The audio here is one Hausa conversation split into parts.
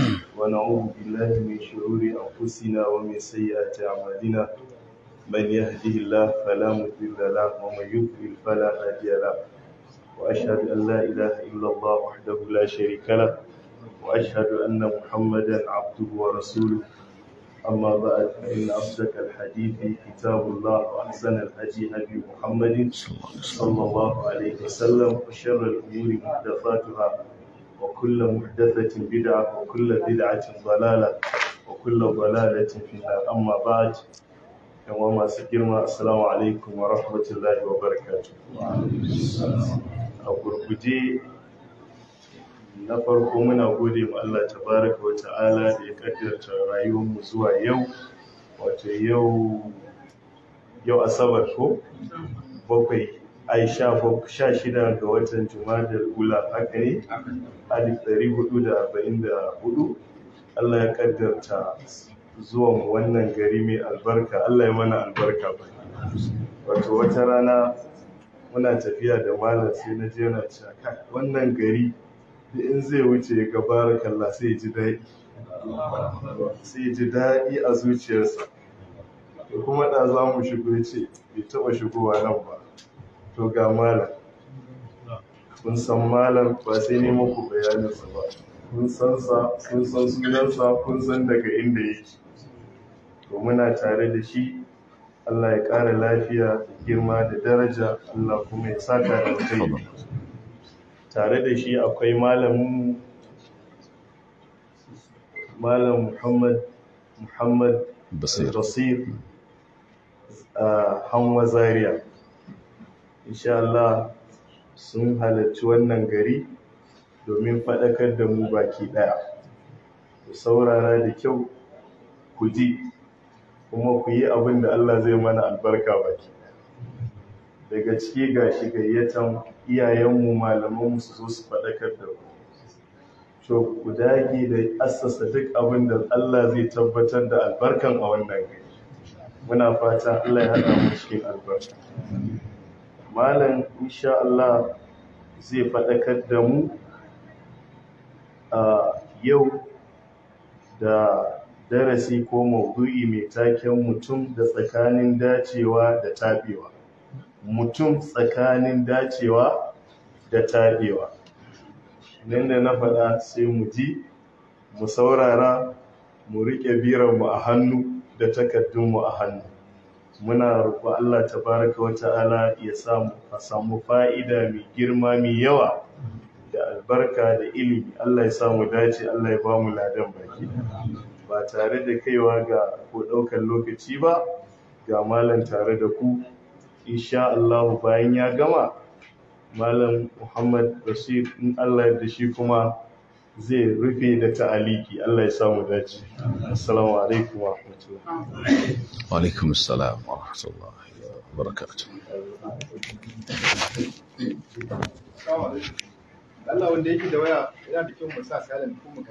ونعوذ بالله من شرور أنفسنا ومن سيئات أعمالنا من يهده الله فلا مضل له ومن يضلل فلا هادي له وأشهد أن لا إله إلا الله وحده لا شريك له وأشهد أن محمدا عبده ورسوله أما بعد فإن أصدق الحديث كتاب الله وأحسن الهدي هدي محمد صلى الله عليه وسلم وشر الأمور محدثاتها وكل محدثة بدعة وكل بدعة ضلالة وكل ضلالة في النار أما بعد كما ما سكرنا السلام عليكم ورحمة الله وبركاته أقربدي na farko muna gode ma Allah tabaraka wa ta'ala da ya kaddarta mu zuwa yau wato yau yau asabar ko bakwai ai sha shida ga watan jumadar ula haka ne alif ɗari hudu da arba'in da hudu allah ya kaddarta zuwan wannan gari mai albarka allah ya mana albarka ba wato wata rana muna tafiya da malam sai na je na ce wannan gari da in zai wuce ga barakallah sai ji daɗi sai ji daɗi a zuciyarsa da kuma da za mu shigo ya ce bai taɓa shigowa nan ba to ga malam kun san malam ba sai ne muku bayaninsa ba kun san sa kun san sunansa kun san daga inda yake to muna tare da shi Allah ya ƙara lafiya da girma da daraja Allah kuma ya saka da kai tare da shi akwai malam malam Muhammad Muhammad Basir Basir a Hanwa Zaria insha Allah sun halarci wannan gari domin faɗakar da mu baki ɗaya ku saurara da kyau ku ji kuma ku yi abin da Allah zai mana albarka baki daga ciki ga shi gayyatan iyayenmu malamanmu su zo su faɗakar da ku to ku dage da assasa duk abin da Allah zai tabbatar da albarkan a wannan gari muna fata Allah ya haɗa mu cikin albarka malam insha Allah zai faɗakar da mu a yau da darasi ko maudu'i mai taken mutum da tsakanin dacewa da taɓewa. mutum tsakanin dacewa da taɓewa. nan da na faɗa sai mu ji mu saurara mu riƙe biranmu a hannu da takardunmu a hannu muna roƙo Allah tabaraka wa ta'ala ya samu a samu fa'ida mai girma mai yawa da albarka da ilimi Allah ya mu dace Allah ya ba mu ladan baki ba tare da kaiwa ga ko ɗaukar lokaci ba ga malam tare da ku insha Allah bayan ya gama malam Muhammad Bashir in Allah da shi kuma zai rufe da ta'aliki Allah ya samu dace assalamu alaikum wa rahmatullahi wa alaikum assalam wa rahmatullahi wa barakatuh Allah wanda yake da waya yana da kyau mu sa silent ko mu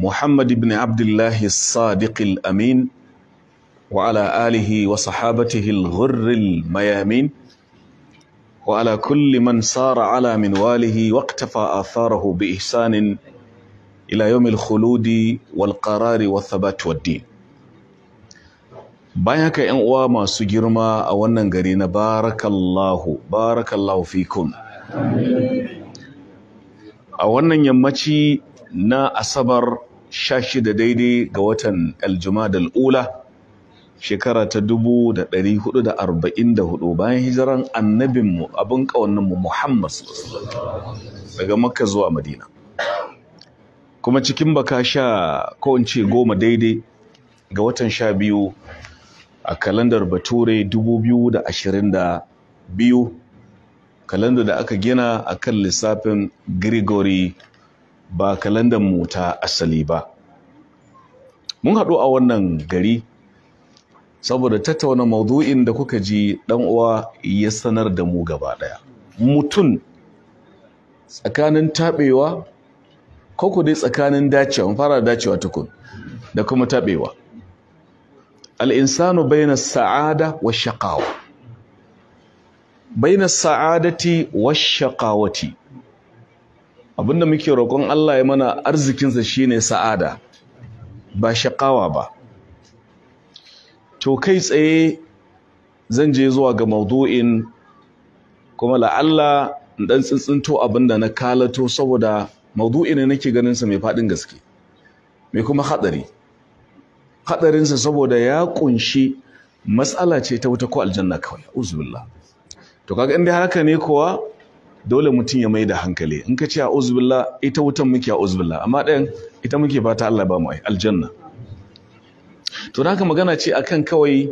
محمد بن عبد الله الصادق الأمين وعلى آله وصحابته الغر الميامين وعلى كل من صار على منواله واقتفى آثاره بإحسان إلى يوم الخلود والقرار والثبات والدين bayan haka ‘yan uwa masu girma a wannan gari na barakallahu barakallahu fikum a wannan yammaci na asabar sha shida daidai ga watan aljumadal ula shekara ta dubu da ɗari hudu da arba'in da hudu bayan hijiran annabinmu abin ƙaunanmu muhammad daga makka zuwa madina kuma cikin baka sha ko goma daidai ga watan sha biyu a kalandar bature dubu biyu da ashirin da biyu kalandar da aka gina a kan lissafin Grigori ba kalandar mu ta asali ba mun haɗu a wannan gari saboda tattauna maudu'in da kuka ji ɗan uwa ya sanar da mu gaba ɗaya mutum tsakanin taɓewa ko ku dai tsakanin dacewa fara dacewa tukun da kuma taɓewa al'insanu baina sa'ada wa shaƙawa baina sa'adati wa shaƙawati abinda muke roƙon Allah ya mana arzikinsa shi ne sa'ada ba shakawa ba to kai tsaye zan je zuwa ga maudu'in kuma la'alla dan tsintsinto abinda na kalato saboda maudu'in ne nake ganin sa mai faɗin gaske mai kuma haɗari haɗarinsa saboda ya ƙunshi matsala ce ta wuta ko aljanna kawai uzubillah to kaga inda haka ne kuwa dole mutum ya mai da hankali in ka ce a uzbillah ita wutan muke a uzbillah amma ɗayan ita muke fata Allah ba mu aljanna to haka magana ce akan kawai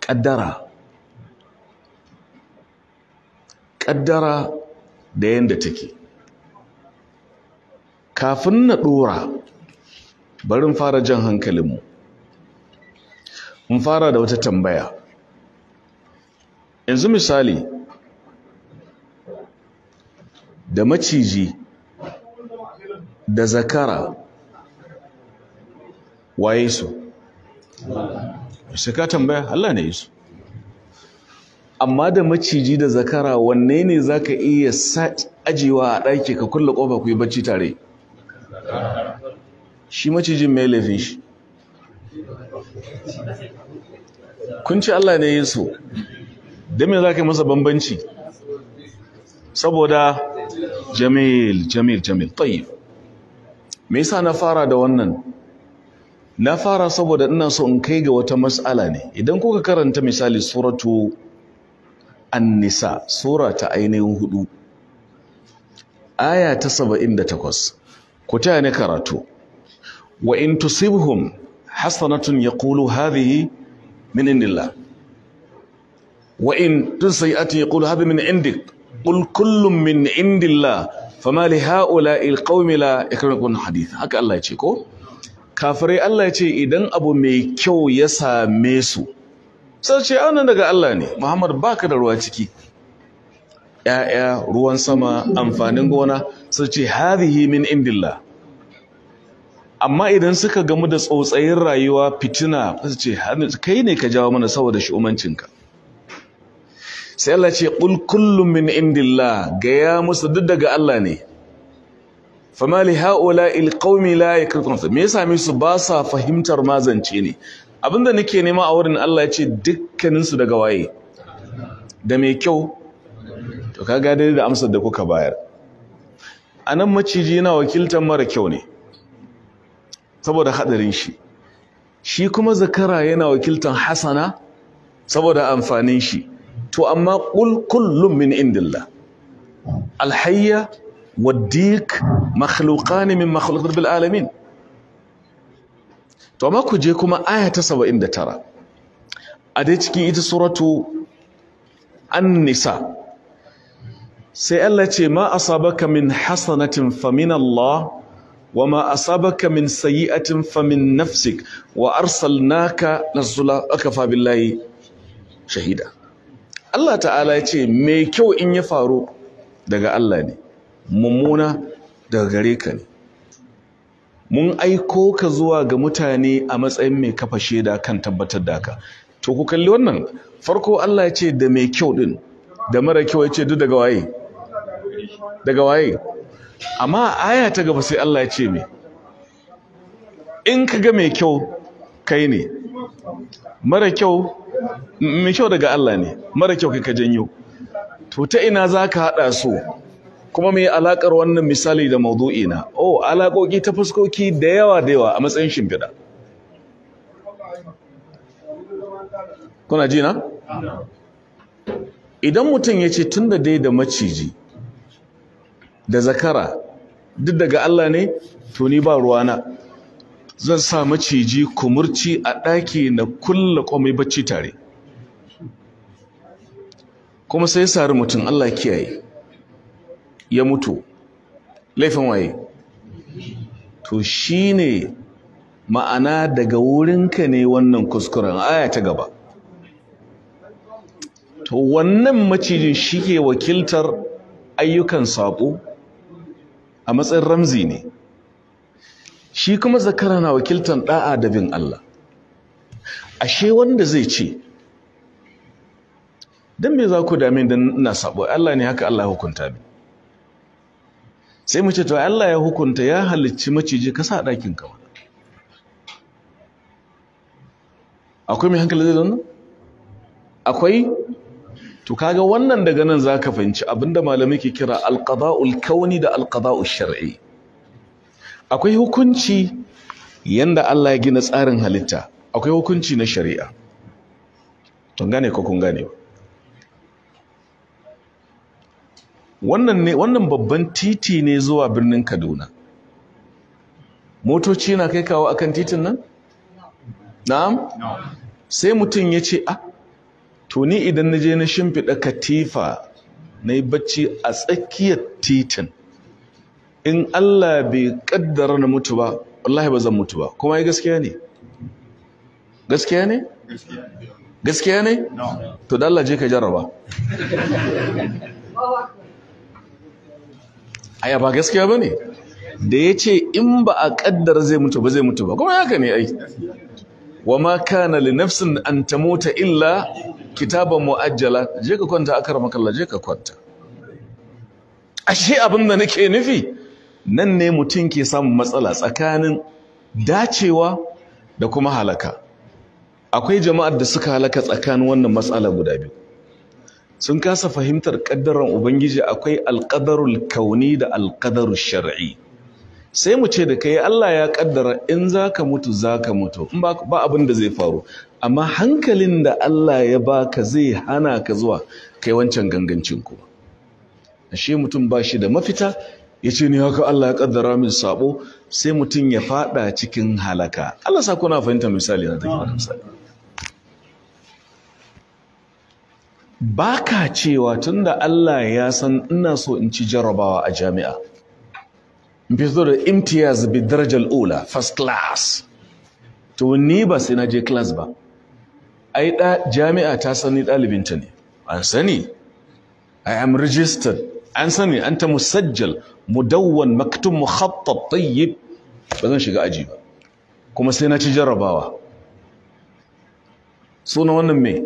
ƙaddara ƙaddara da yadda take kafin na ɗora barin fara jan hankalinmu in fara da wata tambaya yanzu misali da maciji da zakara waye su shaka ka tambaya Allah ne su amma da maciji da zakara wanne ne zaka iya ajiwa a ɗaki ka kulle ƙofa ku yi bacci tare shi macijin mai laifin shi kun ci Allah ne yi so don me za ka yi masa bambanci saboda jamil jamil jamil tayyib me yasa na fara da wannan na fara saboda ina so in kai ga wata mas'ala ne idan kuka karanta misali suratu an-nisa sura ta ainihin hudu aya ta 78 ku taya ne karatu wa in tusibhum hasanatun yaqulu hadhihi min indillah wa in tusayyi'atin yaqulu hadhihi min indik qul kullum min indillah fama li ha'ula'i alqaumi la yakrun hadith haka Allah ya ce ko kafirai Allah ya ce idan abu mai kyau ya same su sai anan daga Allah ne Muhammad baka da ruwa ciki ‘ya'ya, ruwan sama, amfanin gona, sace ce, hadhihi min indillah. Amma idan suka gamu da tsotsayin rayuwa fitina, su kai ne ka jawo mana saboda shi'umancinka. sai Allah ce ƙul kullum min indillah gaya musu duk daga Allah ne fama li haula il qaumi la yakrutun me yasa me su ba sa fahimtar mazance ne abinda nake nema a wurin Allah ya ce dukkanin daga waye da mai kyau to kaga dai da amsar da kuka bayar anan maciji yana wakiltar mara kyau ne saboda hadarin shi shi kuma zakara yana wakiltar hasana saboda amfanin shi to amma ƙul kullum min indillah alhayya waddik makhluqani min makhluqat bil alamin to amma ku je kuma aya ta 79 a dai cikin ita suratu an-nisa sai Allah ce ma asabaka min hasanatin min Allah wa ma asabaka min sayyi'atin famin nafsik wa arsalnaka lazula akafa billahi shahida Allah ta'ala ya ce mai kyau in ya faru daga Allah ne mummuna daga gare ka ne mun aiko ka zuwa ga mutane a matsayin mai kafa shaida kan tabbatar da ka to ku kalli wannan farko Allah ya ce da mai kyau din da mara kyau ya ce duk daga waye daga waye amma aya ta gaba sai Allah ya ce me in ka ga mai kyau kai ne mara kyau mai kyau daga Allah ne mara kyau kai ka janyo to ta ina za ka haɗa su kuma mai alakar wannan misali da maudu'i na oh alaƙoƙi ta fuskoki da yawa da yawa a matsayin shimfiɗa kuna ji na idan mutum ya ce tun da dai da maciji da zakara duk daga Allah ne to ni ba ruwana zan sa maciji kumurci a ɗaki na kulla komai bacci tare kuma sai sari mutum Allah kiyaye ya mutu laifin waye to shi ne ma'ana daga wurinka ne wannan kuskuren aya ta gaba to wannan macijin shi ke wakiltar ayyukan saƙo a matsayin ramzi ne shi kuma zakara na wakiltan da'a da bin Allah ashe wanda zai ce dan me za ku dame da ina sabo Allah ne haka Allah ya hukunta ni sai mu ce to Allah ya hukunta ya halicci maciji ka sa dakin ka akwai mai hankali zai zanna akwai to kaga wannan daga nan zaka fahimci abinda malamai ke kira alqada'ul kauni da alqada'ul shar'i akwai hukunci yanda Allah ya gina tsarin halitta akwai hukunci na shari'a tun gane ko kun gane wannan babban titi ne zuwa birnin Kaduna motoci na kai kawo akan titin nan na'am sai mutum ya ce a ah, to ni idan na je na shimfiɗa katifa na yi bacci a tsakiyar titin in Allah bai kaddara na mutu ba wallahi ba zan mutu ba kuma yi gaskiya ne gaskiya ne gaskiya ne to da Allah je ka jarraba aya ba gaskiya ba ne da ya ce in ba a kaddara zai mutu ba zai mutu ba kuma haka ne ai wa ma kana li nafsin an tamuta illa kitaban mu'ajjala je ka kwanta akar makalla je ka kwanta ashe abin da nake nufi nan ne mutum ke samun matsala tsakanin dacewa da kuma halaka akwai jama'ar da suka halaka tsakanin wannan matsala guda biyu sun kasa fahimtar kaddaran ubangiji akwai alƙadarul kauni da alƙadarul shar'i sai mu ce da kai Allah ya kaddara in za ka mutu za ka mutu in ba abin da zai faru amma hankalin da Allah ya baka zai hana ka zuwa kai wancan gangancin ku ashe mutum ba shi da mafita ya ce ni haka Allah ya kaddara min sabo sai mutum ya fada cikin halaka Allah sa kuna fahimta misali na take wata misali baka cewa tunda Allah ya san ina so in ci jarabawa a jami'a in fito da imtiyaz bi darajar ula first class to ni ba sai na je class ba ai jami'a ta sani ɗalibinta ne an sani i am registered an sani an ta musajjal mudawwan maktum mukhattab tayyib ba zan shiga aji ba kuma sai na ci jarrabawa suna wannan mai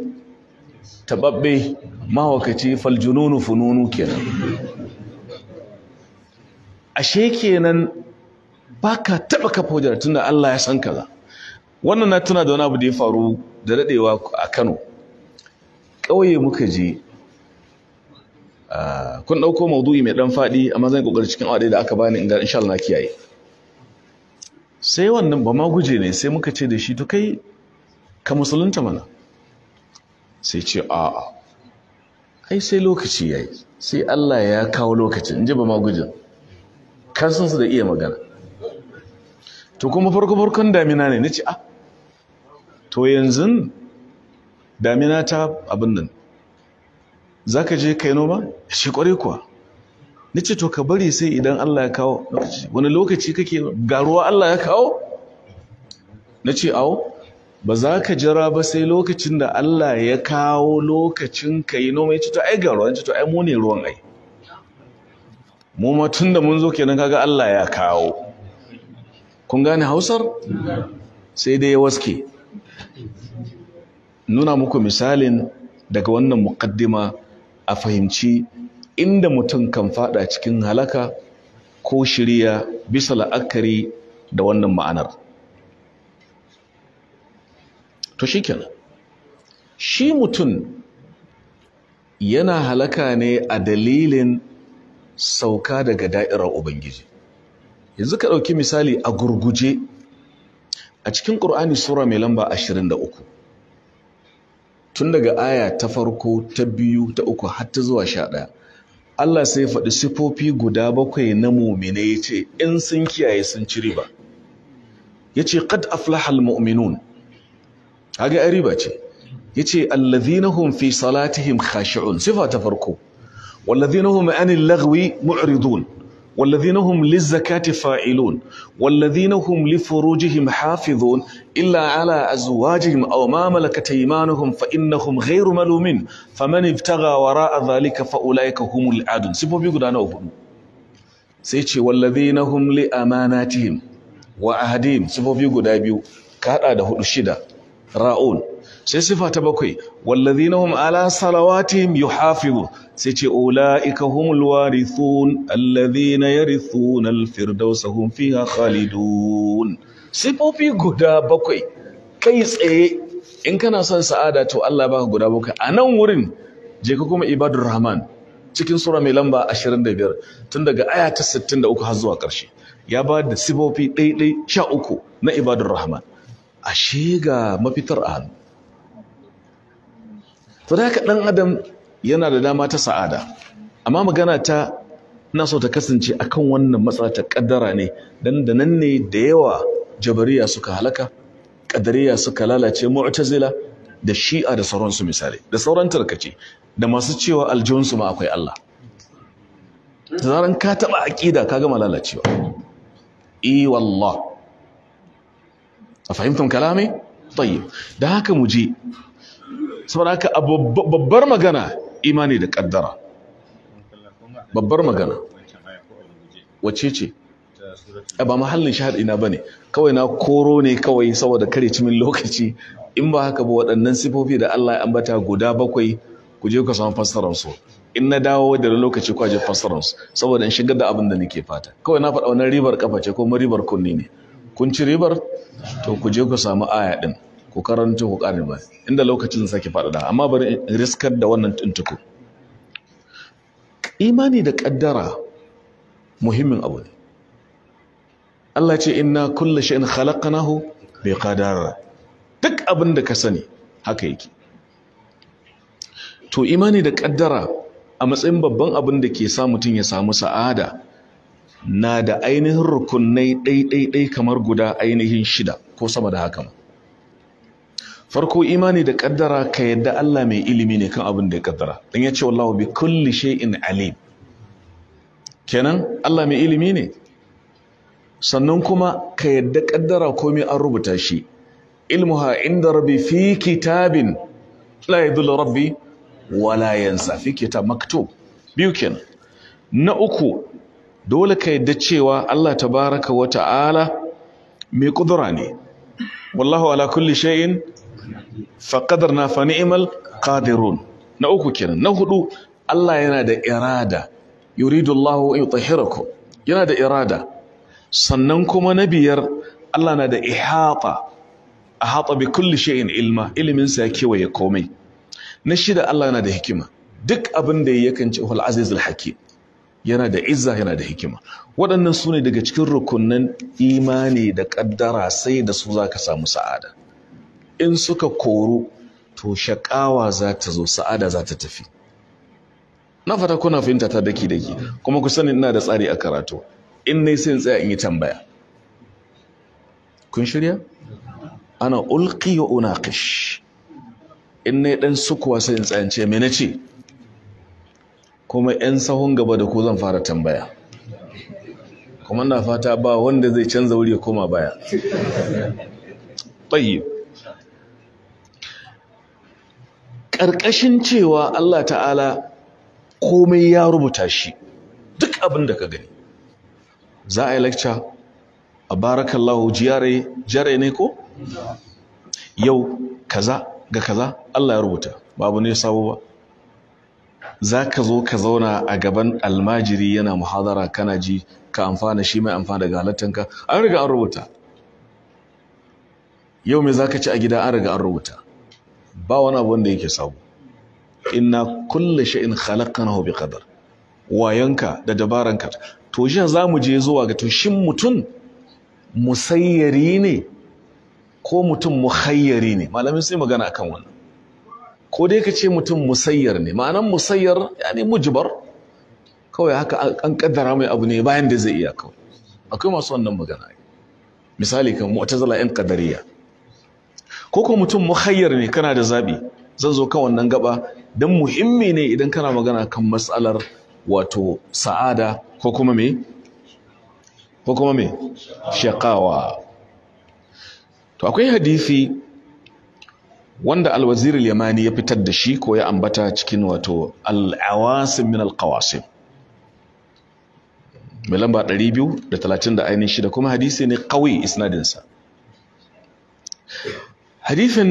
tababbe mawakaci faljununu fununu kenan ashe kenan baka taba kafa wajen tunda Allah ya san kaza wannan na tuna da wani abu da ya faru da dadewa a Kano ƙauye muka je Ah, kun ɗauko maudu'i mai ɗan faɗi amma zan ƙoƙari cikin awa da aka bani in ga insha Allah na kiyaye sai wannan ba ma guje ne sai muka ce da shi to kai ka musulunta mana sai ce a'a ai sai lokaci yayi sai Allah ya kawo lokacin inji ba ma guje kan san su da iya magana to kuma farko farkon damina ne nace a ah, to yanzu damina ta abin nan za ka je kai noma ya ce kuwa na ce to ka bari sai idan Allah ya kawo wani lokaci kake garuwa Allah ya kawo na ce awo ba za ka jira ba sai lokacin da Allah ya kawo lokacin ka yi noma ya ce to ai garuwa ya ce to ai mu ne ruwan ai mu ma tun da mun zo kenan kaga Allah ya kawo kun gane hausar sai dai ya waske nuna muku misalin daga wannan muqaddima a fahimci inda mutum kan fada cikin halaka ko shirya bisa la'akari da wannan ma'anar to shi mutum yana halaka ne a dalilin sauka daga da'irar ubangiji yanzu ka ɗauki misali a gurguje a cikin ƙur'ani sura mai lamba 23 tun daga aya ta farko ta biyu ta uku har ta zuwa sha ɗaya Allah sai faɗi sifofi guda bakwai na mumine ya ce in sun kiyaye sun ci riba ya ce qad aflahal mu'minun haga ai riba ce ya ce allazina hum fi salatihim khashi'un sifa ta farko wallazina hum anil lagwi mu'ridun والذين هم للزكاة فاعلون والذين هم لفروجهم حافظون إلا على أزواجهم أو ما ملكت أيمانهم فإنهم غير ملومين فمن ابتغى وراء ذلك فأولئك هم العادون سيبو بيقول أنا أقول سيتي والذين هم لأماناتهم وعهدهم سيبو بيقول أبيو كاتا دهو الشدة راؤون سيصفة بكوي wallazina hum ala salawatihim yuhafizu sai ce ulaika humul warithun allazina yarithuna alfirdausa hum fiha khalidun sifofi guda bakwai kai tsaye in kana son sa'ada to Allah baka guda bakwai a nan wurin je ka kuma ibadur rahman cikin sura mai lamba 25 tun daga aya ta 63 har zuwa ƙarshe ya ba da sifofi ɗaiɗai sha uku na ibadun rahman ashe ga mafitar a hannu to da haka ɗan adam yana da dama ta sa'ada amma magana ta ina so ta kasance akan wannan matsala ta ƙaddara ne dan da nan ne da yawa jabariya suka halaka ƙaddariya suka lalace mu'tazila da shi'a da sauransu misali da sauran tarkace da masu cewa aljihunsu ma akwai Allah da zaran ka taɓa aƙida ka gama lalacewa i e, wallah a fahimtar kalame? tayyib da haka mu je saboda haka babbar magana imani da kaddara babbar magana Wacece? ce eh, ba mahallin shahar ina ne. kawai na koro ne kawai saboda kare cimin lokaci in ba haka ba waɗannan sifofi da Allah ya ambata guda bakwai ku je ku samu in na dawo da lokaci ku je fassarar saboda in shigar da abin da nake fata kawai na faɗa wannan ribar kafa ce ko ribar kunni ne kun ci ribar to ku je ku samu aya ɗin. ku karanta ku ƙarin ba inda lokacin sake faɗaɗa amma bari riskar da wannan tuntuku imani da ƙaddara muhimmin abu ne Allah ce inna kulla shay'in khalaqnahu bi qadara duk abin da ka sani haka yake to imani da ƙaddara a matsayin babban abin da ke sa mutum ya samu sa'ada na da ainihin rukunai ɗaiɗaiɗai kamar guda ainihin shida ko sama da haka farko imani da kaddara ka yadda Allah mai ilimi ne kan abin da ya kaddara dan yace wallahu bi kulli shay'in alim kenan Allah mai ilimi ne sannan kuma ka yadda kaddara komai an rubuta shi ilmuha inda rabbi fi kitabin la yadullu rabbi wala yansa fi kitab maktub biyu kenan na uku dole ka yadda cewa Allah ta baraka wata ala mai kudura ne wallahu ala kulli shay'in faqadarna fa ni'mal qadirun na uku kenan na hudu Allah yana da irada yuridu Allah an yutahhirakum yana da irada sannan kuma na biyar Allah na da ihata ahata bi kulli shay'in ilma ilimin sa kewaye komai na shida Allah yana da hikima duk abin da kan ce al aziz al hakim yana da izza yana da hikima waɗannan su ne daga cikin rukunin imani da ƙaddara sai da su za ka samu sa'ada in suka koru to shakawa za ta zo sa'ada za ta tafi na fata kuna fahimta ta daki daki kuma ku sani ina da tsari a karatu in nai sai tsaya in yi tambaya kun shirya ana ulqi wa unaqish in nai dan sukuwa sai in tsaya in ce me nace kuma yan sahun gaba da ku zan fara tambaya kuma ina fata ba wanda zai canza wuri ya koma baya tayyib ƙarƙashin cewa Allah ta'ala komai ya rubuta shi duk abin da ka gani za a yi lakca a barakallahu jiyare ne ko yau kaza ga kaza Allah ya rubuta babu ne sabo ba za ka zo ka zauna a gaban almajiri yana muhadara kana ji ka amfana shi mai amfana daga halattanka an riga an rubuta yau me za ka ci a gida an riga an rubuta ba wani abu wanda yake sabo inna kulle sha'in na hobi kadar. wayanka da dabaranka to shi za mu je zuwa ga to mutum musayyari ne ko mutum muhayyari ne malamin sai magana akan wannan ko dai ka ce mutum musayyar ne ma'anan musayyar ya ne mujibar. kawai haka an kaddara mai abu ne bayan da zai iya kawai akwai masu wannan magana misali kan mu'tazila yan qadariyya ko kuma mutum muhayyar ne kana da zabi zan zo kan wannan gaba don muhimmi ne idan kana magana kan matsalar wato sa'ada ko kuma me ko kuma me shaqawa to akwai hadisi wanda al-wazir al-yamani ya fitar da shi ko ya ambata cikin wato al-awasim min al-qawasim mai lamba 236 kuma hadisi ne kawai isnadinsa Hadifin,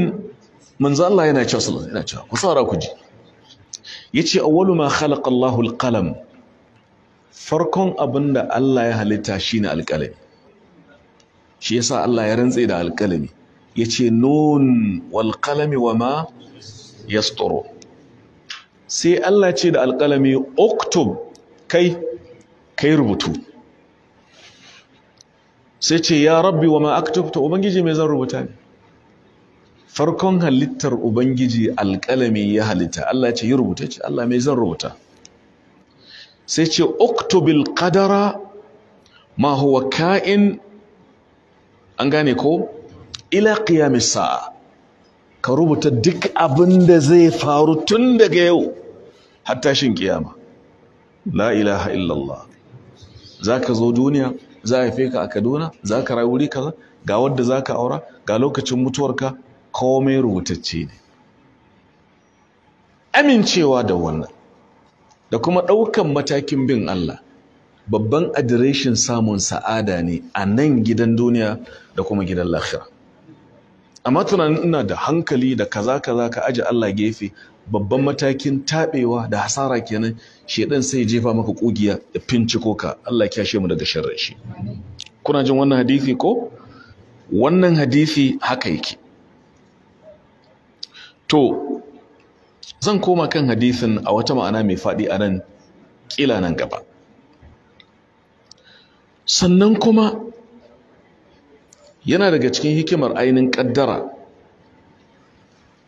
manzo Allah yana cewa sallallahu alaihi cewa ku saurara ku ji yace awwalu ma khalaqa Allahu al-qalam farkon abinda Allah ya halitta shine alƙalami shi yasa Allah ya rantse da alƙalami yace nun wal qalami wama yasturu sai Allah ce da alƙalami uktub kai kai rubutu sai ce ya rabbi wama aktubta ubangiji me zan rubuta ne farkon halittar ubangiji alƙalami ya halitta Allah ce yi rubuta ce Allah mai zan rubuta sai ce oktobil kadara ma huwa ka'in an gane ko ila ƙiyamisa ka rubuta duk abin da zai faru tun daga yau har tashin ƙiyama la ilaha illallah za ka zo duniya za a haife ka a kaduna za ka rayu wuri kaza ga wadda za ka aura ga lokacin mutuwarka komai rubutacce ne amincewa da wannan da kuma ɗaukan matakin bin Allah babban adireshin samun sa'ada ne a nan gidan duniya da kuma gidan lafiya. amma tunanin ina da hankali da kaza kaza ka aji Allah gefe babban matakin taɓewa da hasara kenan shedan sai jefa maka ƙugiya da fincikoka ka Allah kyashe mu daga sharrin shi kuna jin wannan hadisi ko wannan hadisi haka yake to zan koma kan hadisin a wata ma'ana mai faɗi a nan ƙila nan gaba sannan kuma yana daga cikin hikimar ainihin ƙaddara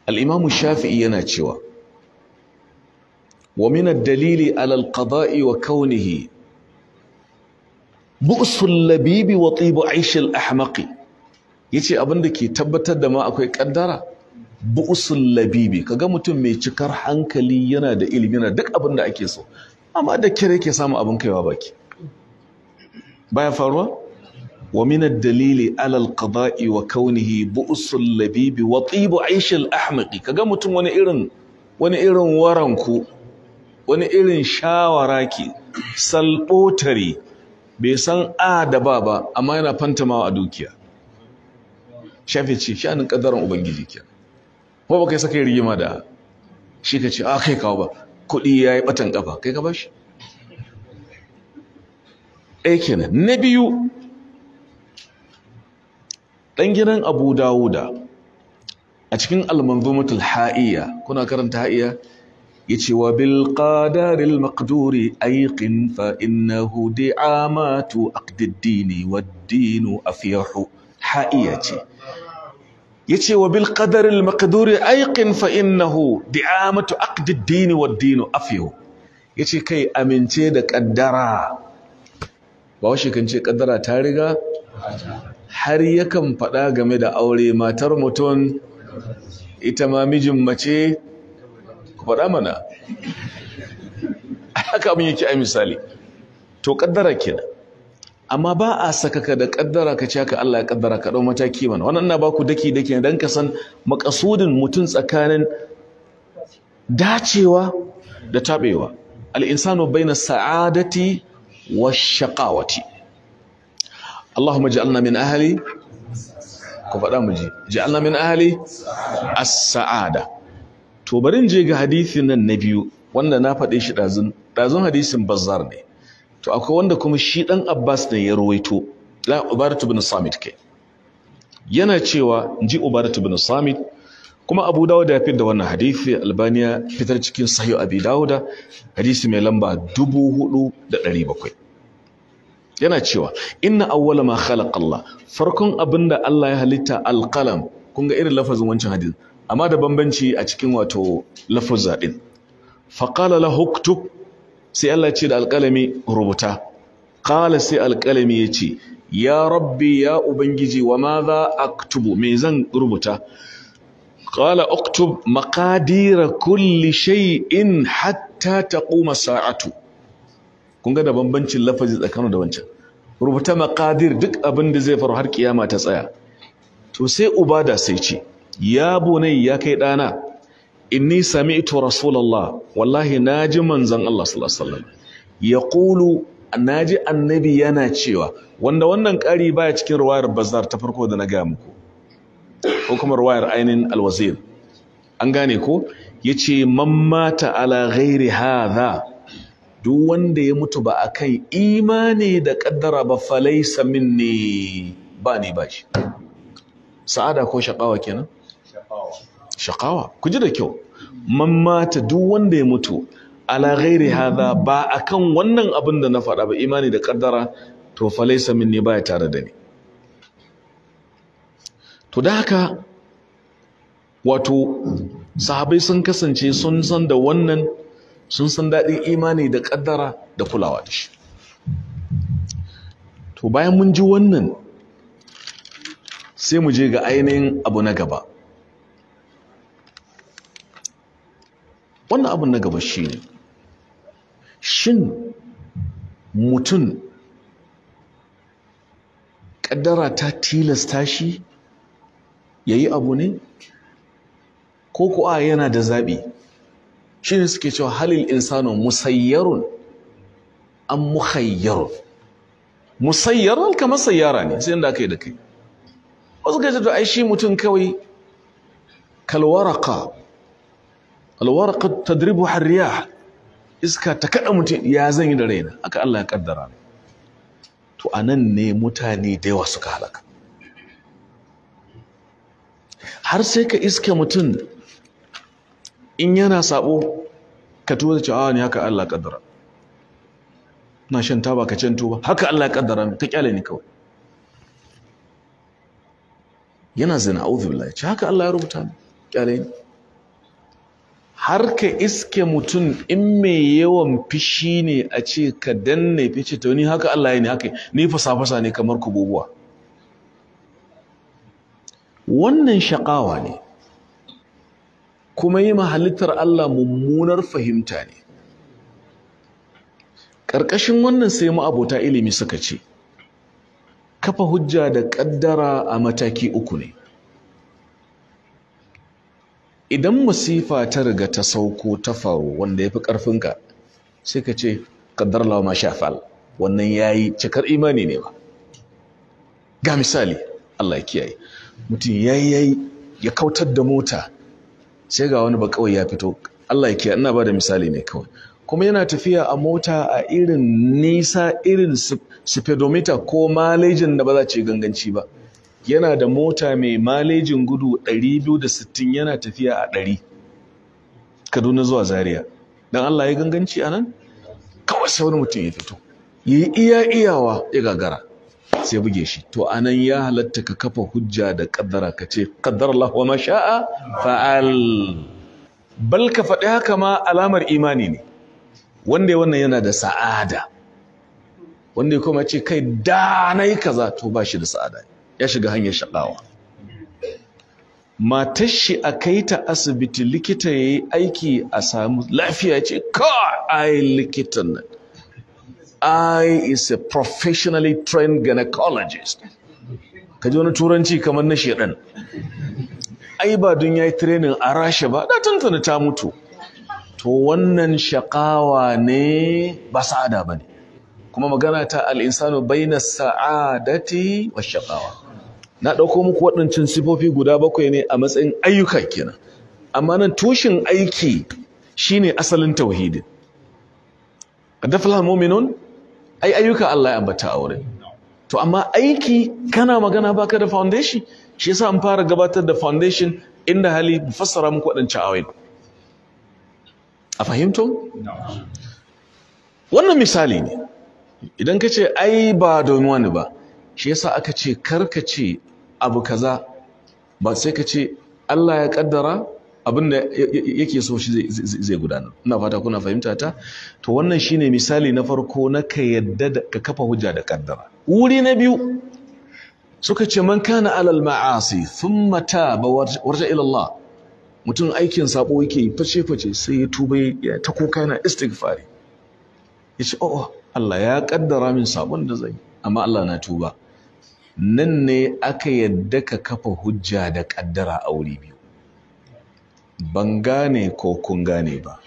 al'imamu shafi'i yana cewa wa minar dalili alal qada'i wa kaunihi bu'sul labibi wa tsibu aishil ahmaki yace abin da ke tabbatar da ma akwai ƙaddara bu'usul labibi kaga mutum mai cikar hankali yana da ilimi na duk abin da ake so amma da kire ke samu abin kaiwa baki baya faruwa wa min dalili ala al-qada'i wa kaunihi bu'usul labibi wa tsibo 'aish al ka kaga mutum wani irin wani irin waranku wani irin shawara shawaraki salbotari bai san a da ba ba amma yana mawa a dukiya shafe ce shanin kadarin ubangiji kenan ko ba kai saka rigima da shi ka ce a ah, kai kawo ba kuɗi ya yi ɓatan ƙafa kai ka bashi aiki na biyu ɗan gidan abu dawuda a cikin almanzumatul ha'iya kuna karanta ha'iya ya ce wa bil qadaril maqduri aiqin fa innahu di'amatu waddinu a fiye ha'iya ce yace wa bil qadari al maqduri aiqin fa innahu di'amatu aqdi din wa din afyu yace kai amince da kaddara ba washe kan kaddara ta riga har yakan faɗa game da aure matar mutum ita ma mijin mace ku fada mana haka abin yake ai misali to kaddara kenan amma ba a sakaka da kaddara ka ce haka Allah ya kaddara ka dau mataki mana wannan na baku daki daki dan ka san makasudin mutun tsakanin dacewa da tabewa al-insanu baina sa'adati wa shaqawati Allahumma ij'alna min ahli ku fada mu ji ij'alna min ahli as-sa'ada to barin je ga hadisin nan na biyu wanda na fade shi dazun dazun hadisin bazzar ne to akwai wanda kuma shi dan Abbas da ya rawaito, la Ubadat ibn Samit kai yana cewa ji Ubadat ibn Samit kuma Abu Dawud ya fitar da wannan hadisi Albaniya fitar cikin Sahih Abi Dawud hadisi mai lamba 4700 yana cewa inna awwala ma khalaq Allah farkon abinda Allah ya halitta alqalam kun ga irin lafazin wancan hadisi amma da bambanci a cikin wato lafazin din faqala lahu uktub sai Allah ce da alƙalami rubuta kala sai alƙalami ya ce ya rabbi ya ubangiji wa ma za aktubu me zan rubuta kala oktub makadira kulli shay'in hatta ta ƙuma sa'atu kun ga da bambancin lafazi tsakanin da wancan rubuta makadir duk abin da zai faru har kiyama ta tsaya to sai da sai ce ya bunai ya kai ɗana? inni sami'tu rasulullah wallahi naji manzon Allah sallallahu alaihi wasallam yaqulu naji annabi yana cewa wanda wannan ƙari baya cikin ruwayar bazar ta farko da na ga muku ko kuma ruwayar ainin alwazir an gane ko yace ce mata ala ghairi hadha duk wanda ya mutu ba a kai imani da kaddara ba falaisa ne, ba ni ba shi sa'ada ko shaqawa kenan shakawa ku ji da kyau man mata duk wanda ya mutu ala ghairi hadha ba akan wannan abin da na faɗa ba imani da kaddara to fa laysa minni ya tare da ni to da haka wato sahabai sun kasance sun san da wannan sun san daɗin imani da kaddara da kulawa da shi to bayan mun ji wannan sai mu je ga ainihin abu na gaba wannan abin na gaba shi ne shin mutum ƙaddara ta tilasta shi ya yi abu ne ko kuwa yana da zaɓi shi ne suke cewa halil insano musayyarun an muhayyarun musayyarun kamar sayyara ne sai inda aka yi da kai wasu gajar da aishi mutum kawai kalwaraka alwarqat tadribu harriyah iska ta kada mutum ya zan yi da raina aka Allah ya kaddara ne to anan ne mutane da yawa suka halaka har sai ka iske mutum in yana sabo ka tuwa cewa ni haka Allah ya kaddara na shan taba ka can tuba haka Allah ya kaddara ka kyale ni kawai yana zina a'udhu billahi haka Allah ya rubuta ni kyale ni har ka iske mutum in mai yawan fishi ne a ce ka danne fice ta wani haka Allah ya ne haka ni fasa-fasa ne kamar kububuwa wannan shaƙawa ne kuma yi mahalittar Allah mummunar fahimta ne ƙarƙashin wannan sai abota ilimi suka ce kafa hujja da ƙaddara a mataki uku ne idan masifa ta riga ta sauko ta faru wanda ya fi ƙarfinka sai ka ce kaddar lawa ma shafal wannan ya yi cikar imani ne ba ga misali Allah ya kiyaye mutum ya yi ya kautar da mota sai ga wani ba kawai ya fito Allah ya kiyaye ina ba da misali ne kawai kuma yana tafiya a mota a irin nisa irin speedometer ko malejin da ba za ce ganganci ba yana da mota mai malejin gudu 260 yana tafiya a 100 kaduna zuwa Zariya. don allah ya ganganci a nan kawai sai wani mutum ya fito yi iya iyawa ya gagara sai buge shi to a nan ya halatta ka kafa hujja da kaddara ka ce kaddara Allah wa masha'a fa'al bal ka faɗi haka ma alamar imani ne wanda ya wannan yana da sa'ada wanda ya kuma ce kai da na yi kaza to ba shi da sa'ada ne. ya shiga hanyar shaƙawa matar shi a kai ta asibiti likita ya yi aiki a samu lafiya ce kawai ai likitan nan I is a professionally trained gynecologist. Ka ji wani turanci kamar na shaɗan Ai ba don ya yi training a rasha ba, da tantana ta mutu. To wannan shaƙawa ne ba sa'ada ba ne. Kuma magana ta al'insanu bai na sa'adati wa shakawa. na ɗauko muku waɗancan sifofi guda bakwai ne a matsayin ayyuka kenan amma nan tushen aiki shine asalin tauhidin adafal mu'minun ai ayyuka Allah ya ambata a wurin to amma aiki kana magana baka da foundation shi yasa an fara gabatar da foundation inda hali mu fassara muku waɗancan awai a fahimto wannan misali ne idan ka ce ai ba domin wani ba shi yasa aka ce karkace abu kaza ba sai ka ce Allah ya kaddara abinda da yake so shi zai gudanar ina fata kuna fahimta ta to wannan shine misali na farko na ka yadda ka kafa hujja da kaddara wuri na biyu suka ce man kana alal ma'asi thumma taba warja ila Allah mutum aikin sabo yake face face sai ya tuba ya ta kuka yana istighfari ce oh, oh Allah ya kaddara min sabon da zai amma Allah na tuba nan ne aka yadda ka kafa hujja da ƙaddara a wuri biyu ban gane ko kun gane ba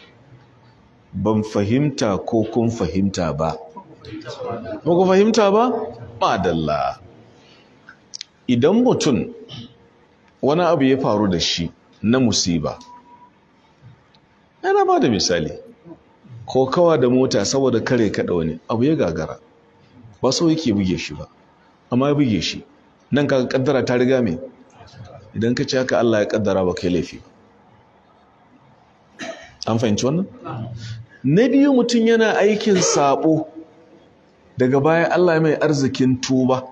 ban fahimta ko kun fahimta ba ba ku fahimta ba madalla idan mutum wani abu ya faru da shi na musiba yana ba da misali ko kawa da mota saboda kare kaɗa wani abu ya gagara ba so yake buge shi ba amma ya buge shi nan kaga kaddara ta riga me idan ka ce haka Allah ya kaddara ba kai laifi an fahimci wannan na biyu mutum yana aikin sabo daga baya Allah mai arzikin tuba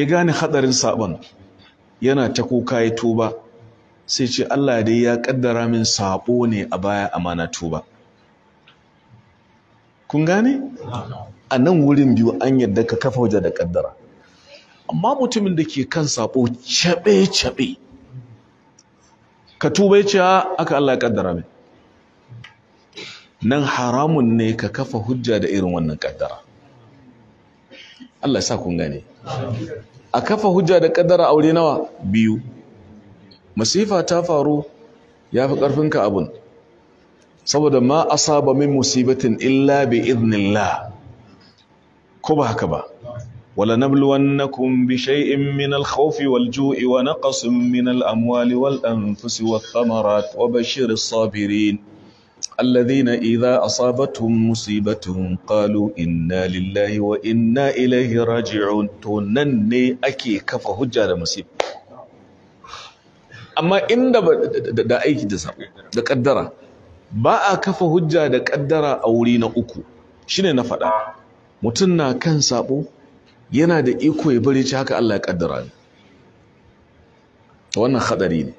ya gane hadarin sabon yana ta kuka ya tuba sai ce Allah dai ya kaddara min sabo ne a baya amana tuba kun gane a nan wurin biyu an yadda ka kafa waje da kaddara amma mutumin da ke kan sabo caɓe-caɓe ka tuba ce ah, aka Allah ya kaddara mai nan haramun ne ka kafa hujja da irin wannan kaddara Allah ya sa kun gane a kafa hujja da kaddara aure nawa biyu masifa ta faru ya fi ƙarfinka abun saboda ma asaba min musibatin illa bi idnillah ko ba haka ba ولنبلونكم بشيء من الخوف والجوع ونقص من الأموال والأنفس والثمرات وبشر الصابرين الذين إذا أصابتهم مصيبة قالوا إنا لله وإنا إليه راجعون تنني أكي كف هجة مصيبة أما إن دا أيك دا قدرة ba a kafa hujja da kaddara a wuri na uku shine na faɗa mutum na kan sabo yana da iko ya bari ci haka Allah ya kaddara wannan hadari ne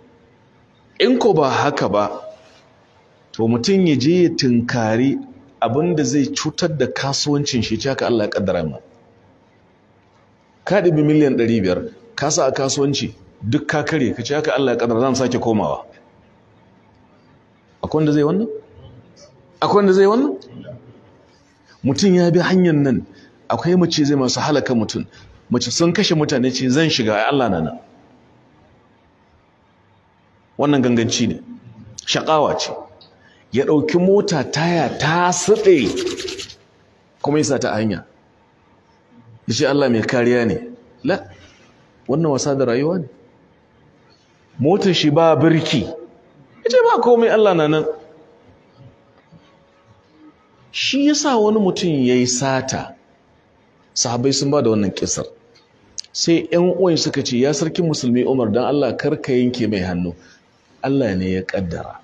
in ko ba haka ba to mutum ya je ya tunkari abin da zai cutar da kasuwancin shi ci haka Allah ya kaddara ne ka ɗibi miliyan 500 ka sa a kasuwanci duk ka kare ka ci haka Allah ya kaddara zan sake komawa akwai wanda zai wannan akwai wanda zai wannan mutum ya bi hanyar nan akwai mace zai masu halaka mutum mace sun kashe mutane ce zan shiga a Allah na nan wannan ganganci ne shakawa ce ya ɗauki mota taya ta sutse kuma yasa ta hanya Ya ce Allah mai kariya ne la wannan wasa da rayuwa ne motar shi ba birki Ya ce ba komai Allah na nan shi yasa wani mutum ya yi sata sahabai sun ba da wannan kisar sai yan uwan suka ce ya sarki musulmi umar don allah karka yanke mai hannu allah ne ya kaddara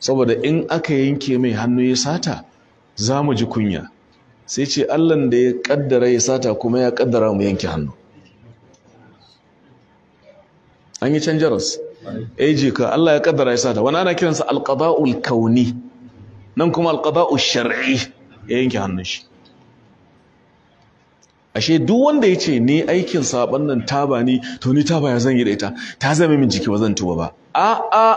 saboda in aka yanke mai hannu ya sata za mu ji kunya sai ce allah da ya kaddara ya sata kuma ya kaddara mu yanke hannu an yi can jaras eji ka allah ya kaddara ya sata wani ana kiransa alkaba'ul kauni nan kuma alkaba'ul shari'i ya yanke hannun shi ashe duk wanda ya ce ni aikin saban nan taba ni to ni taba ya zan yi da ita ta zama min jiki ba zan tuba ba a a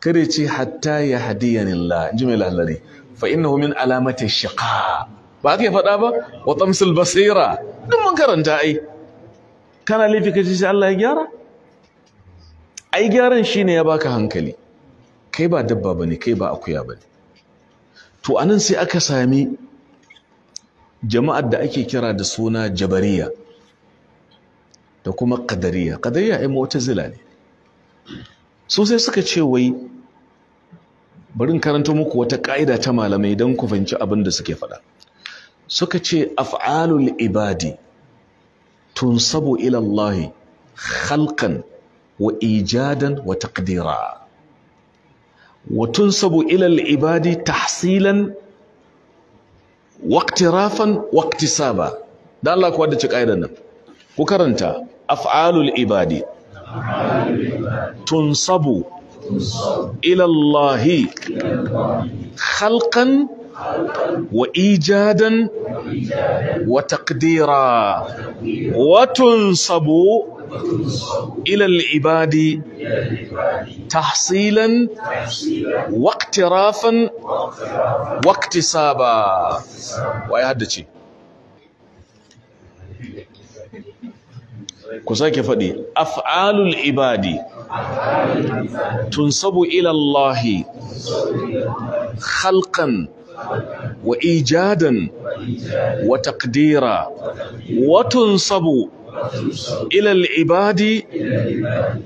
kare ce hatta ya hadiyan Allah ji mai lalare fa innahu min alamati shiqa ba kai faɗa ba wa tamsil basira duk mun karanta ai kana laifi kace shi Allah ya gyara ai gyaran shine ya baka hankali kai ba dabba bane kai ba akuya bane to anan sai aka sami jama'ar da ake kira da suna jabariya da kuma ƙadariya ƙadariya mota zila ne so sai suka ce wai barin karanta muku wata ƙa'ida ta malamai don ku fahimci abin da suke faɗa suka ce af'alul ibadi tunsabu sabo ilallahi halkan wa ijadan wa taqdira wa tunsabu sabo ibadi tahsilan waqtirafan waqtisaba dan Allah ku wadda ci kaidan nan ku karanta af'alul ibadi tunsabu ila Allah khalqan wa ijadan wa taqdira wa tunsabu ilal ibadi tahsilan waqtirafan waqtisaba waye haddace ku sake faɗi. af'alul ibadi tunsabu ila allah khalqan wa ijadan wa takdira, wa tunsabu إلى العباد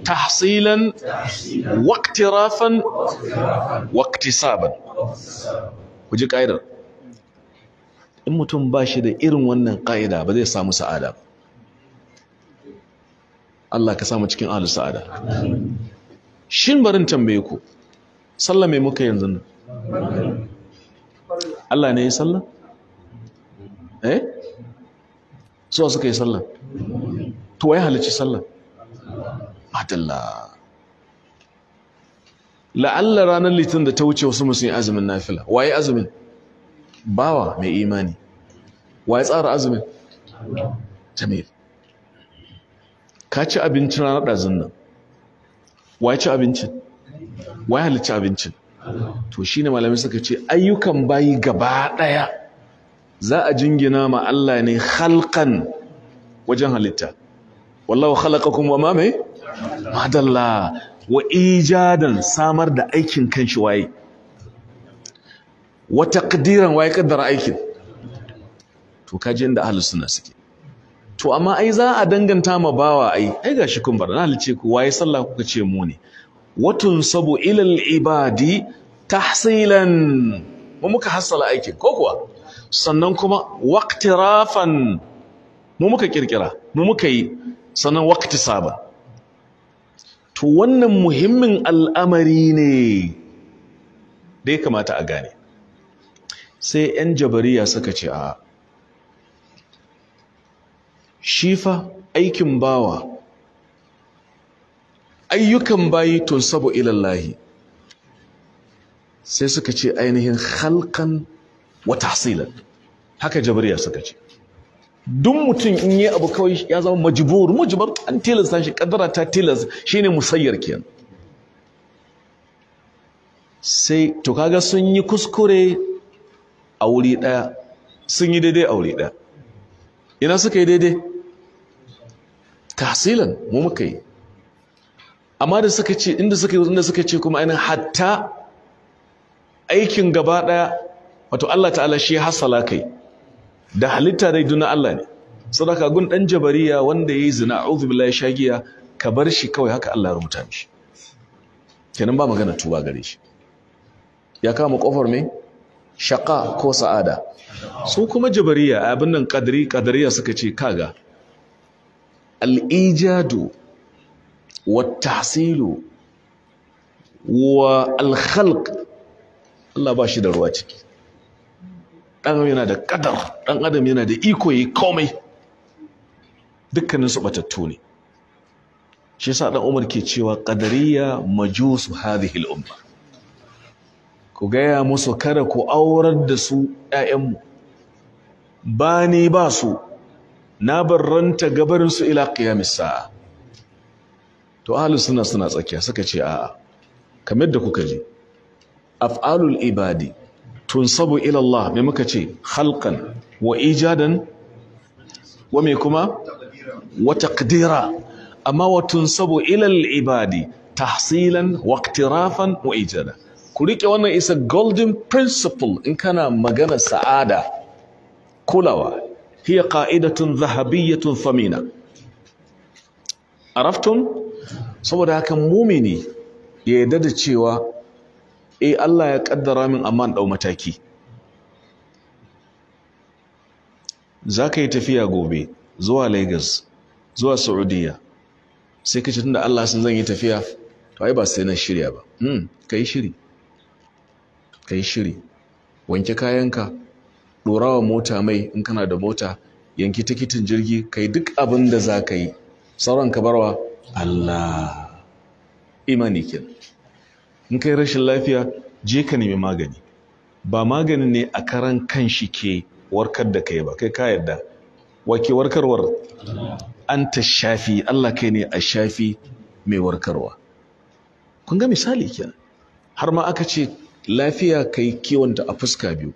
تحصيلا واقترافا واكتسابا وجي قائدة in mutum ba shi da irin wannan ka'ida ba zai samu sa'ada ba Allah ka samu cikin ahli sa'ada shin barin tambaye ku sallah mai muka yanzu Allah ne ya sallah suwa suka yi sallah to ya halicci sallah adalla la'alla ranar litin da ta wuce wasu musu yi azumin nafila waye azumin bawa mai imani waye tsara azumin jamil ka ci abincin ranar ɗazin nan waye ci abincin waye halicci abincin to shi ne malamai suka ce ayyukan bayi gaba ɗaya za a jingina ma Allah ne halkan wajen halitta wallahu khalaqakum wa ma mai madalla wa ijadan samar da aikin kanshi waye wa taqdiran waye kaddara aikin to kaje inda ahlus sunna suke to amma ai za a danganta ma bawa ai ai gashi kun bar na halice ku waye sallah kuka ce mu ne watun sabu ilal ibadi tahsilan mu muka hassala aikin ko kuwa sannan kuma rafan, mu muka kirkira mu muka yi sannan saba to wannan muhimmin al'amari ne da ya kamata a gane sai 'yan jabariya suka ce a shifa aikin bawa ayyukan bayi sabo ilallahi sai suka ce ainihin halkan wa tahsilan haka jabariya suka ce duk mutum in yi abu kawai ya zama majibur majibar an tilasta shi kadara ta tilas shine musayyar kenan sai to kaga sun yi kuskure a wuri daya sun yi daidai a wuri daya ina suka yi daidai tahsilan mu muka yi amma da suka ce inda suka yi inda suka ce kuma ainihin hatta aikin gaba daya wato Allah ta'ala shi hasala kai da halitta dai duna Allah ne sadaka gun dan jabariya wanda yayi zina a'udhu billahi shagiya ka bar shi kawai haka Allah ya rubuta mishi kenan ba magana tuba gare shi ya kama kofar me Shaƙa ko sa'ada su kuma jabariya abin nan kadari kadariya suka ce kaga al-ijadu wa al-khalq Allah ba shi da ruwa ciki dan adam yana da ƙadar, dan adam yana da iko yi komai dukkanin su batattu ne shi yasa dan Umar ke cewa qadariyya majusu hadhihi al-umma ku gaya musu kada ku aurar da su 'ya'yanmu. ba ni ba su na barranta gabarin su ila qiyamis to ahlus sunna suna tsakiya suka ce a'a kamar da kuka ji af'alul ibadi tunsabu ila Allah muka ce halkan wa ijadan wa mai kuma wa taqdira amma wa tunsabu ila ibadi tahsilan wa iqtirafan wa ijada ku riƙe wannan isa golden principle in kana magana sa'ada kulawa hiya zahabiyya tun thamina Araftun saboda haka mumini ya yarda da cewa eh Allah ya kaddara min amma in dau mataki za yi tafiya gobe zuwa Lagos zuwa Saudiya sai ka tunda Allah sun zan yi tafiya to ai ba sai na shirya ba hmm kai shiri kai shiri wanke kayanka dorawa mota mai in kana da mota yanki tikitin jirgi kai duk abin da za yi sauran ka barwa Allah imani kenan in kai rashin lafiya je ka nemi magani ba magani ne a karan kan shi ke warkar da kai ba kai ka yarda wake warkarwar an ta shafi Allah kai ne a shafi mai warkarwa kun ga misali kenan har ma aka ce lafiya kai ta a fuska biyu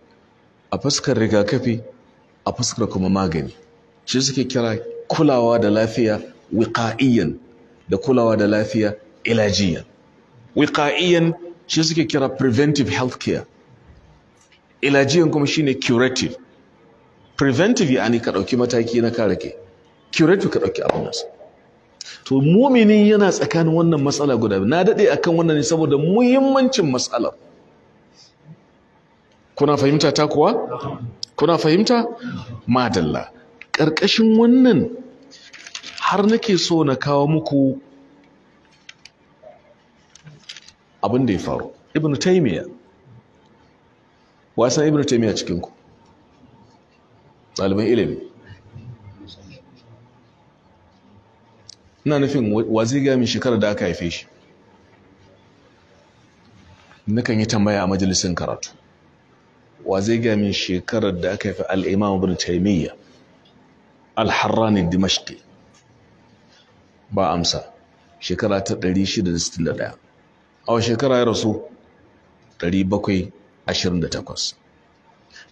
a fuskar rigakafi a fuskar kuma magani shi suke kira kulawa da lafiya wiqa'iyyan da kulawa da lafiya ilajiyan wiqa'iyan shi suke kira preventive health care. ilajiyan kuma shine curative preventive yani ka ɗauki mataki na kare ke curative ka ɗauki abin nasa to mumini yana tsakanin wannan matsala guda na daɗe akan wannan ne saboda muhimmancin matsalar kuna fahimta ta kuwa kuna fahimta madalla ƙarƙashin wannan har nake so na kawo muku abin da ya faru ibn taimiyya wasan ibn taimiyya cikinku ɗalibin ilimi ina nufin waziga min shekarar da aka haife shi nakan yi tambaya a majalisun karatu waziga min shekarar da aka haife al'imam ibn taimiyya al-harrani dimashki ba amsa shekara ta 661 a wa shekara ya rasu 728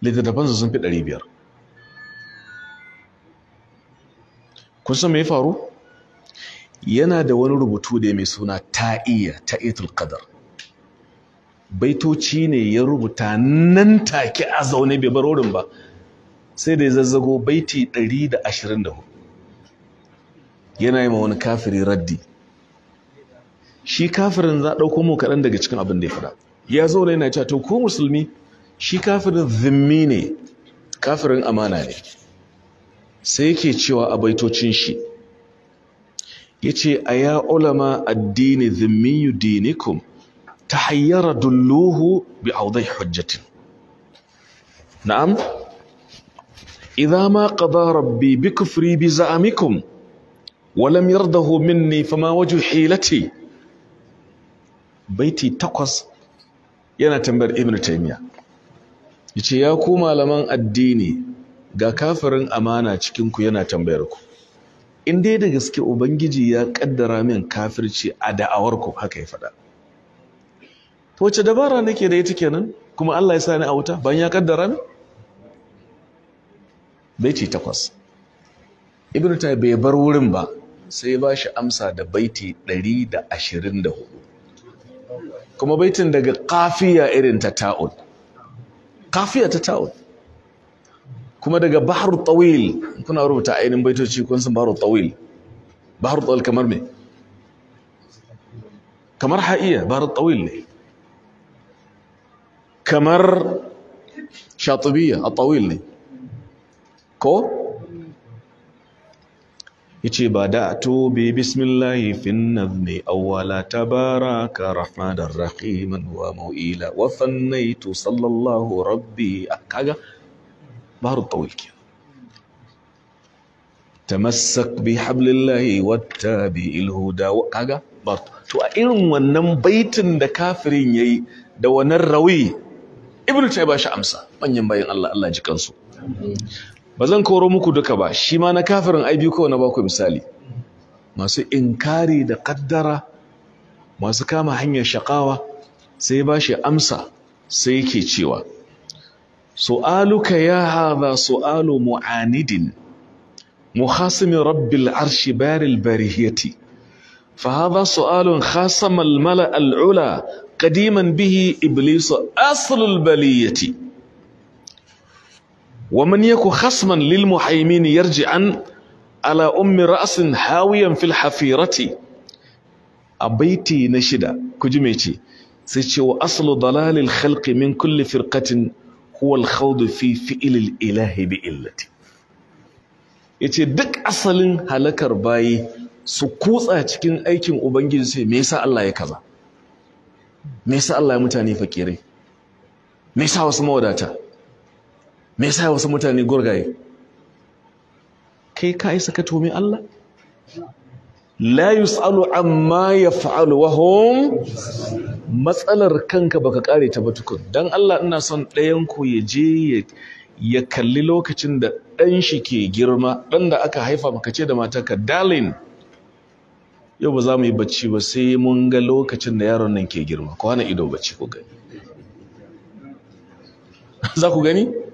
littattafansa sun fi 500 kun san me faru yana da wani rubutu da mai suna taiya ta'itul qadar baitoci ne ya rubuta nan take a zaune bai bar wurin ba sai da ya zazzago baiti 124 yana yi ma wani kafiri raddi shi kafirin za a ɗauko mu kaɗan daga cikin abin da ya faɗa ya zo yana cewa to ko musulmi shi kafirin zimmi ne kafirin amana ne sai yake cewa a baitocin shi ya ce a ya ulama addini zimmiyu dinikum ta hayyara dulluhu bi audai hujjatin na'am idza ma qada rabbi bi kufri bi za'amikum wa lam yardahu minni fama wajhu hilati baiti takwas yana tambayar ibn taymiya yace ya ku malaman addini ga kafirin amana cikinku yana tambayar ku in dai da gaske ubangiji ya kaddara min kafirci a da'awar ku haka ya faɗa to wace dabara nake da ita kenan kuma Allah ya sa ni a wuta Ban ya kaddara min baiti takwas Ibn taymiya bai bar wurin ba sai ba shi amsa da baiti 124 kuma baitin daga kafiya irin ta ta'ud kafiya ta ta'ud kuma daga baharu tawil kuna rubuta ainihin baitoci kun san baharu tawil baharu tawil kamar me kamar ha'iya baharu tawil ne kamar shatubiya a tawil ne ko yace bada'tu bi bismillahi fin nazmi awwala tabaraka rahmanar rahiman wa mu'ila wa fannaitu sallallahu rabbi ah, kaga bahru tawil kenan tamassak bi hablillahi wattabi'il huda kaga to a irin wannan baitin da kafirin yayi da wannan rawi ibnu tayba shi amsa manyan bayin Allah Allah ji kansu ba zan koro muku duka ba shi ma na kafirin ai biyu kawai na baku misali masu inkari da kaddara masu kama hanyar shakawa sai ba shi amsa sai yake cewa su'aluka ya hadha su'alu mu'anidin muhasimi rabbil arshi baril barihiyati فهذا su'alun hasamal الملأ al'ula kadiman bihi iblisu aslul baliyati ومن يكو خصما للمحيمين يرجعا على أم رأس هاويا في الحفيرة أبيتي نشدا كجميتي سيتي أصل ضلال الخلق من كل فرقة هو الخوض في فئل الإله بإلتي yace duk asalin halakar bayi su kutsa cikin aikin ubangiji sai me yasa Allah ya kaza me yasa Allah ya mutane fakirai me yasa wasu mawadata me yasa wasu mutane gurgaye kai ka isa ka tumi Allah la yus'alu amma yaf'alu wa hum matsalar kanka baka kare ta ba tukun dan Allah ina son ɗayan ku ya je ya kalli lokacin da ɗan shi ke girma ɗan da aka haifa maka ce da ka darling yau ba za mu yi bacci ba sai mun ga lokacin da yaron nan ke girma ko hana ido bacci ko gani za ku gani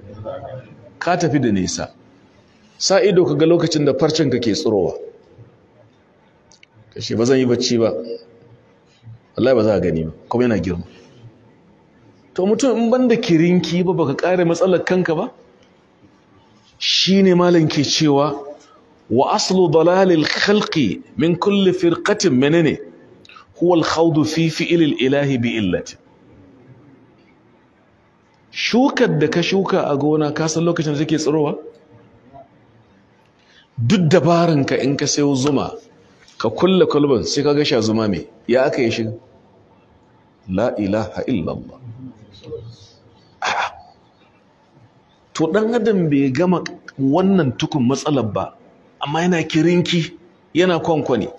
ka tafi da nesa? sa ido ka ga lokacin da farcen ka ke tsirowa kashe ba zan yi bacci ba wallahi ba za a gani ba kuma yana girma to mutum in banda kirinki ba baka kare matsalar kanka ba shine malam ke cewa wa aslu dalalil khalqi min kulli firqatin menene huwa al-khawdu fi fi'l ilahi bi illati shukar da ka shuka a gona ka san lokacin da take tsirowa duk dabarin ka in ka sayo zuma ka kulle kwalban sai ka gasha zuma mai, ya aka yi shiga la ilaha illallah to dan adam bai gama wannan tukun matsalar ba amma yana kirinki yana kwankwani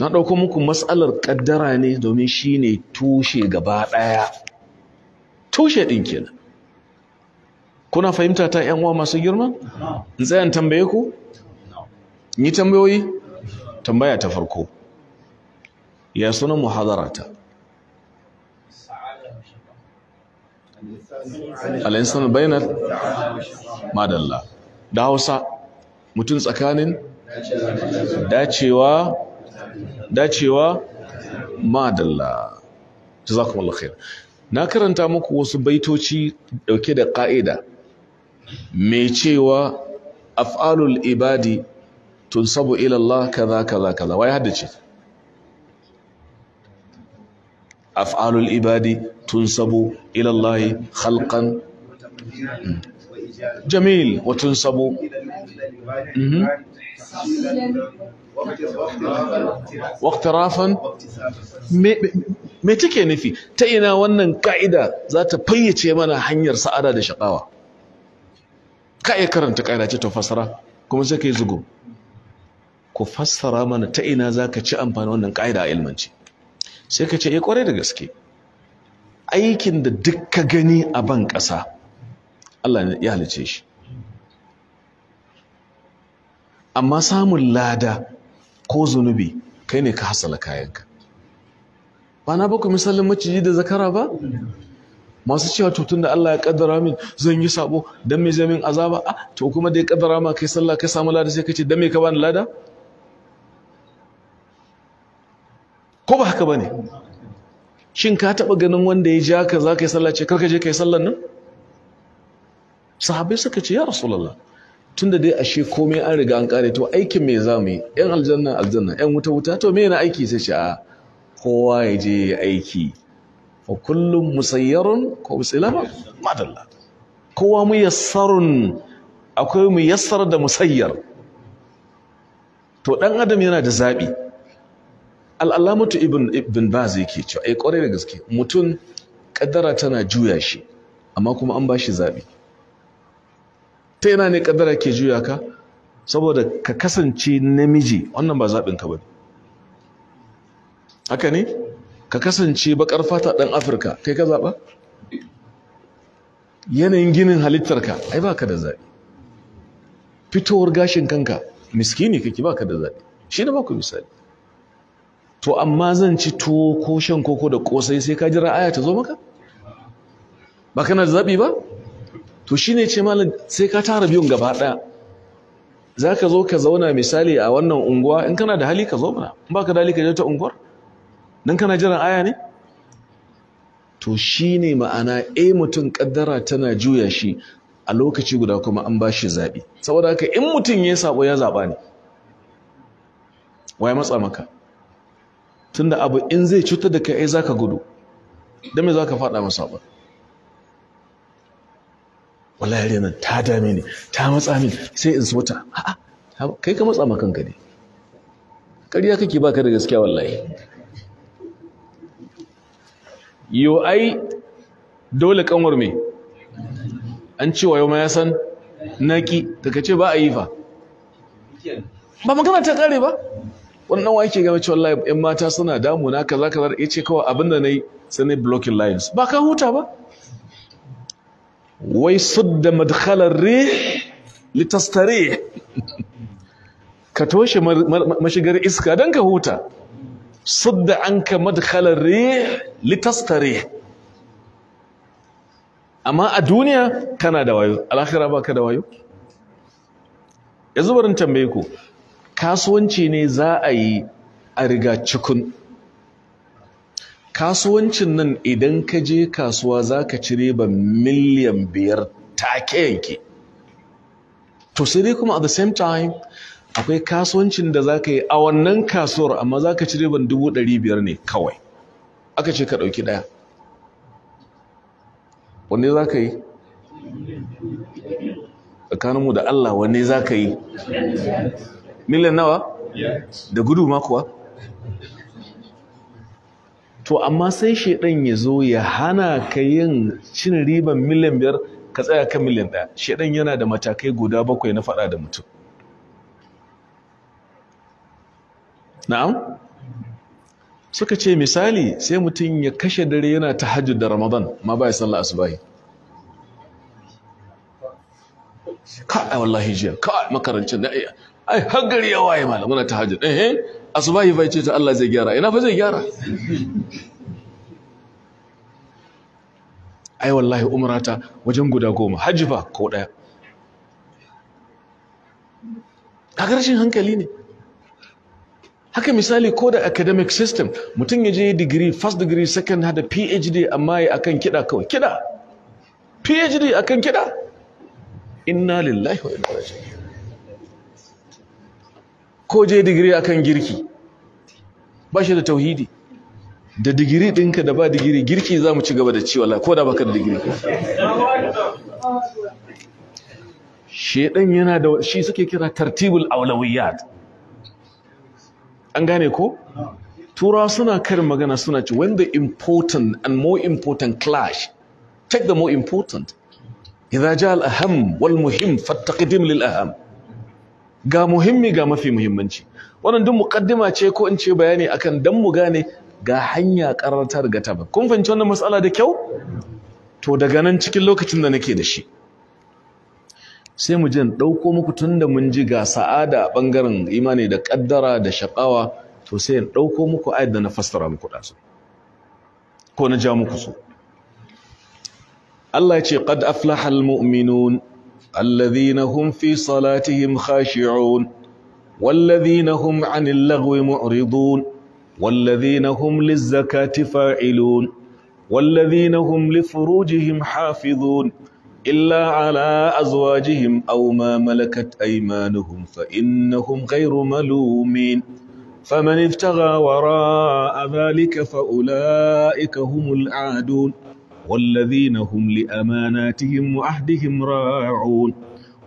na ɗauko muku matsalar ƙaddara ne domin shi ne tushe gaba ɗaya tushe ɗin kenan kuna fahimta ta yan uwa masu girma in tsayan tambaye ku yi tambayoyi tambaya ta farko ya sunan muhadarata al'insan bayanar madalla da hausa mutum tsakanin dacewa dacewa madalla jazakumullahu khair na karanta muku wasu baitoci dauke da ƙa'ida mai cewa af'alul ibadi tunsabu ila Allah kaza kaza kaza wai haddace af'alul ibadi tunsabu ila Allah khalqan hmm. jamil wa tunsabu واقترافا mhm. me take nufi ta ina wannan ka'ida za ta fayyace mana hanyar sa'ada da shakawa ka iya karanta ka'ida ce ta fasara? kuma sai ka yi zugo ku fassara mana ta ina za ka ci amfani wannan ka'ida a ilmanci sai ka ce ya eh, kwarai da gaske aikin da dukka gani a ban ƙasa Allah ya halice shi amma samun lada ko zunubi kai ne ka hasala kayanka ba na baku misalin maciji da zakara ba masu cewa tutun da Allah ya kaddara min zan yi sabo don me zai min azaba ah to kuma da ya kaddara ma kai sallah kai samu lada sai kace don me ka bani lada ko ba haka bane shin ka taba ganin wanda ya ja ka za ka yi sallah ce karka je ka yi sallan nan sahabai suka ce ya rasulullah da dai ashe komai an riga an kare to aikin me za mu yi yan aljanna aljanna yan wuta wuta to me yana aiki sai ce a kowa ya je ya aiki fa kullum musayyarun ko musayyarun madalla kowa muyassarun akwai muyassar da musayyar to dan adam yana da zabi al'alamatu ibn ibn baz yake cewa ai eh, kwarai da gaske mutum kaddara tana juya shi amma kuma an bashi zabi ta yana ne kaddara ke juya ka saboda ka kasance namiji wannan ba zaɓin ka bane haka ne ka kasance bakar fata ɗan afirka kai ka zaɓa yanayin ginin halittarka ai baka da zaɓi fitowar gashin kanka miskini kake baka da zaɓi shi ne baku misali to amma zan ci tuwo ko shan koko da kosai sai ka jira aya ta zo maka ba kana da zaɓi ba to shine ce malam sai ka tara biyun gaba ɗaya za ka zo ka zauna misali a wannan unguwa in kana da hali ka zo mana in baka da hali ka je ta unguwar nan kana jiran aya ne to shine ma'ana eh mutum kaddara tana juya shi a lokaci guda kuma an ba shi zaɓi saboda haka in mutum ya sabo ya zaɓa ne waye matsa maka tunda abu in zai cutar da kai za ka gudu don me za ka faɗa masa ba wala yare nan ta dame ni ta matsa min sai in sota kai ka matsa makanka ne kariya kake baka da gaskiya wallahi yo ai dole kanwar me an cewa yau ma ya san naki daga ce ba a yi fa ba magana ta kare ba wannan wa yake gama cewa live yan mata suna damu na kaza kaza ya ce kawai abin da nayi sai ne blocking lines ba ka huta ba wai sudda madkhalar rih litastarih ka toshe mashigar iska don ka huta صد عنك مدخل الريح لتستريح أما الدنيا كان دوايو الآخرة باك دوايو yanzu barin tambaye ku kasuwanci ne za a yi a riga cikun kasuwancin nan idan ka je kasuwa za ka ci riba miliyan biyar take yanke to sai dai kuma at the same time akwai kasuwancin da za ka yi a wannan kasuwar amma za ka ci riban dubu ɗari biyar ne kawai aka ce ka ɗauki ɗaya wanne za ka yi tsakaninmu da Allah wanne za ka yi miliyan nawa da gudu makuwa to amma sai shaidan ya zo ya hana ka yin cin riban miliyan biyar ka tsaya kan miliyan ɗaya shaidan yana da matakai guda bakwai na faɗa da mutum na'am suka ce misali sai mutum ya kashe dare yana ta tahajjud da ramadan ma ba ya sallah asubahi ka'ai wallahi jiya ka'ai makarancin da ai har yawa ya waye malam muna tahajjud eh, eh asubahi bai ce ta Allah zai gyara ina fa zai gyara ai wallahi umrata wajen guda goma hajji fa ko daya A ƙarshen hankali ne haka misali ko da academic system mutum ya je degree first degree second hada phd amma ya akan kida kawai kida phd akan kida inna lillahi wa inna ilaihi ko je degree akan girki ba shi da tauhidi da digiri ɗinka da ba digiri girki za mu ci gaba da ci wala ko da baka da digiri shedan yana da shi suke kira tartibul awlawiyat an gane ko turawa suna karin magana suna ce when the important and more important clash take the more important idza ja al wal muhim fattaqdim lil aham ga muhimmi ga mafi muhimmanci wannan duk mukaddima ce ko in ce bayani akan dan mu gane ga hanya karanta riga taba kun fahimci wannan matsala da kyau to daga nan cikin lokacin da nake da shi sai mu je ɗauko muku tun da mun ji ga sa'ada a ɓangaren imani da ƙaddara da shaƙawa to sai in ɗauko muku ayat da na fassara muku ɗansu ko na ja muku su Allah ya ce qad aflaha almu'minun alladhina hum fi salatihim khashi'un والذين هم عن اللغو معرضون والذين هم للزكاة فاعلون والذين هم لفروجهم حافظون إلا على أزواجهم أو ما ملكت أيمانهم فإنهم غير ملومين فمن ابتغى وراء ذلك فأولئك هم العادون والذين هم لأماناتهم وعهدهم راعون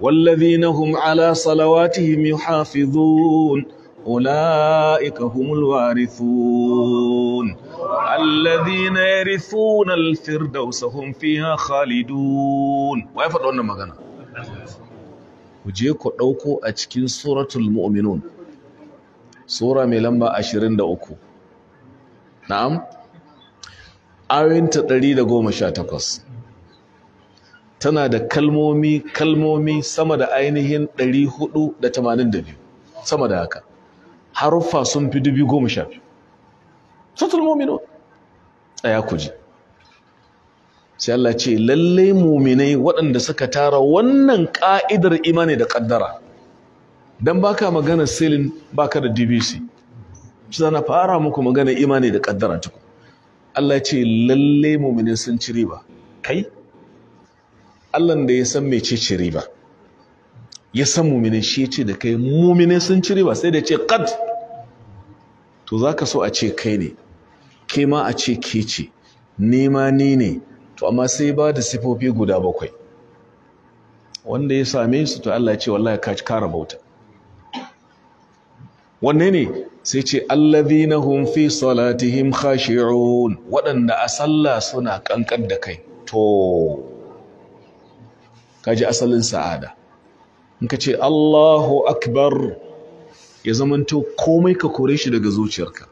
والذين هم على صلواتهم يحافظون أولئك هم الوارثون الذين يرثون الفردوس هم فيها خالدون واي فدو wannan magana ku je ku dauko a cikin suratul mu'minun sura mai lamba 23 na'am ayinta 118 tana da kalmomi kalmomi sama da ainihin 482 sama da haka harufa sun fi dubi goma sha biyu fatul mu'minun tsaya ku sai Allah ce lalle muminai waɗanda suka tara wannan ka'idar imani da kaddara dan baka magana selin, baka da DBC shi na fara muku magana imani da kaddara tuku Allah ce lalle muminai sun ci riba kai Allah da ya san mece ci riba ya san muminai shi ce da kai muminai sun ci riba sai da ce qad to zaka so a ce kai ne ke ma a ce ke ce nema ni ne to amma sai ba da sifofi guda bakwai wanda ya same su to Allah ya ce wallahi ka kara bauta wanne ne sai ce allazina hum fi salatihim khashi'un waɗanda a sallah suna kankan da kai to kaji asalin sa'ada in ka ce Allahu akbar ya zamanto komai ka kore shi daga zuciyarka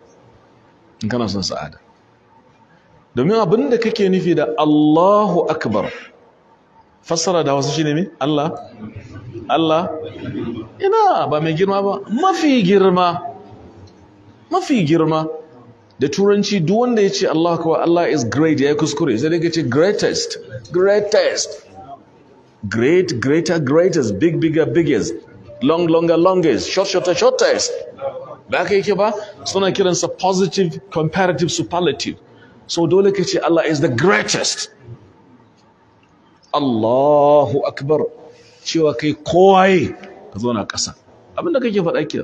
in kana son sa'ada domin abinda kake nufi da Allahu akbar fassara da wasu shine me Allah Allah ina ba mai girma ba mafi girma mafi girma da turanci duk wanda ya ce Allah kawai Allah is great ya kuskure sai dai ka ce greatest greatest great greater greatest big bigger biggest long longer longest short shorter shortest ba ka yake ba suna kiransa positive comparative superlative so dole ka ce Allah is the greatest Allahu akbar cewa kai kowaye ka zo na ƙasa abinda kake faɗa ke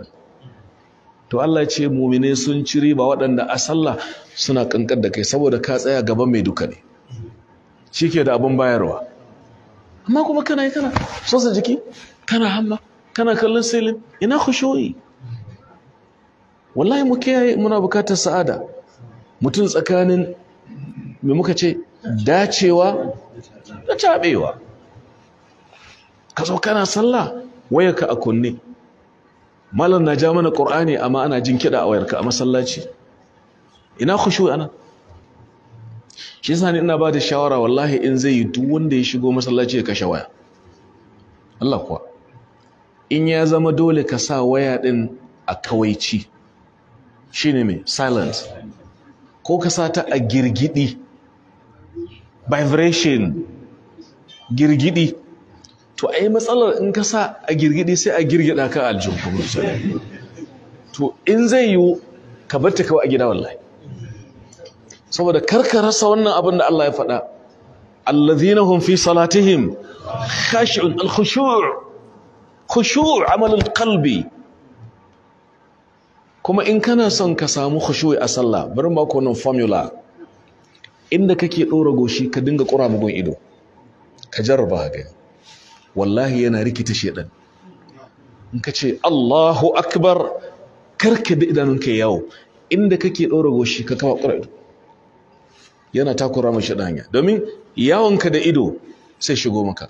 to Allah ce mumine sun ci riba waɗanda a suna ƙanƙar da kai saboda ka tsaya gaban mai duka ne shi ke da abin bayarwa amma kuma kana yi kana sosa jiki kana hamma kana kallon silin ina shoyi wallahi mu kiyaye muna bukatar sa'ada mutum tsakanin me muka ce dacewa da tabewa ka zo kana sallah wayarka a kunne malam na ja mana qur'ani amma ana jin kida a wayarka a masallaci ina khushu ana shi yasa ni ina ba da shawara wallahi in zai yi duk wanda ya shigo masallaci ya kashe waya Allah kuwa in ya zama dole ka sa waya din a kawaici shine mai silence ko ka sata a girgidi vibration girgidi to a yi matsalar in ka sa a girgidi sai a girgida ka aljihu to in zai yiwu ka bar ta kawai a gida wallahi saboda karka rasa wannan abin da Allah ya faɗa allazina hum fi salatihim khashi'un al-khushu' khushu' amal al-qalbi kuma in kana son ka samu khushu'i a sallah bari ba wannan formula inda kake dora goshi ka dinga kura mugun ido ka jarraba gani wallahi yana rikita shedan in ka ce Allahu akbar karka da ka yawo inda kake dora goshi ka kama kura ido yana takura mu shedan hanya domin yawonka da ido sai shigo maka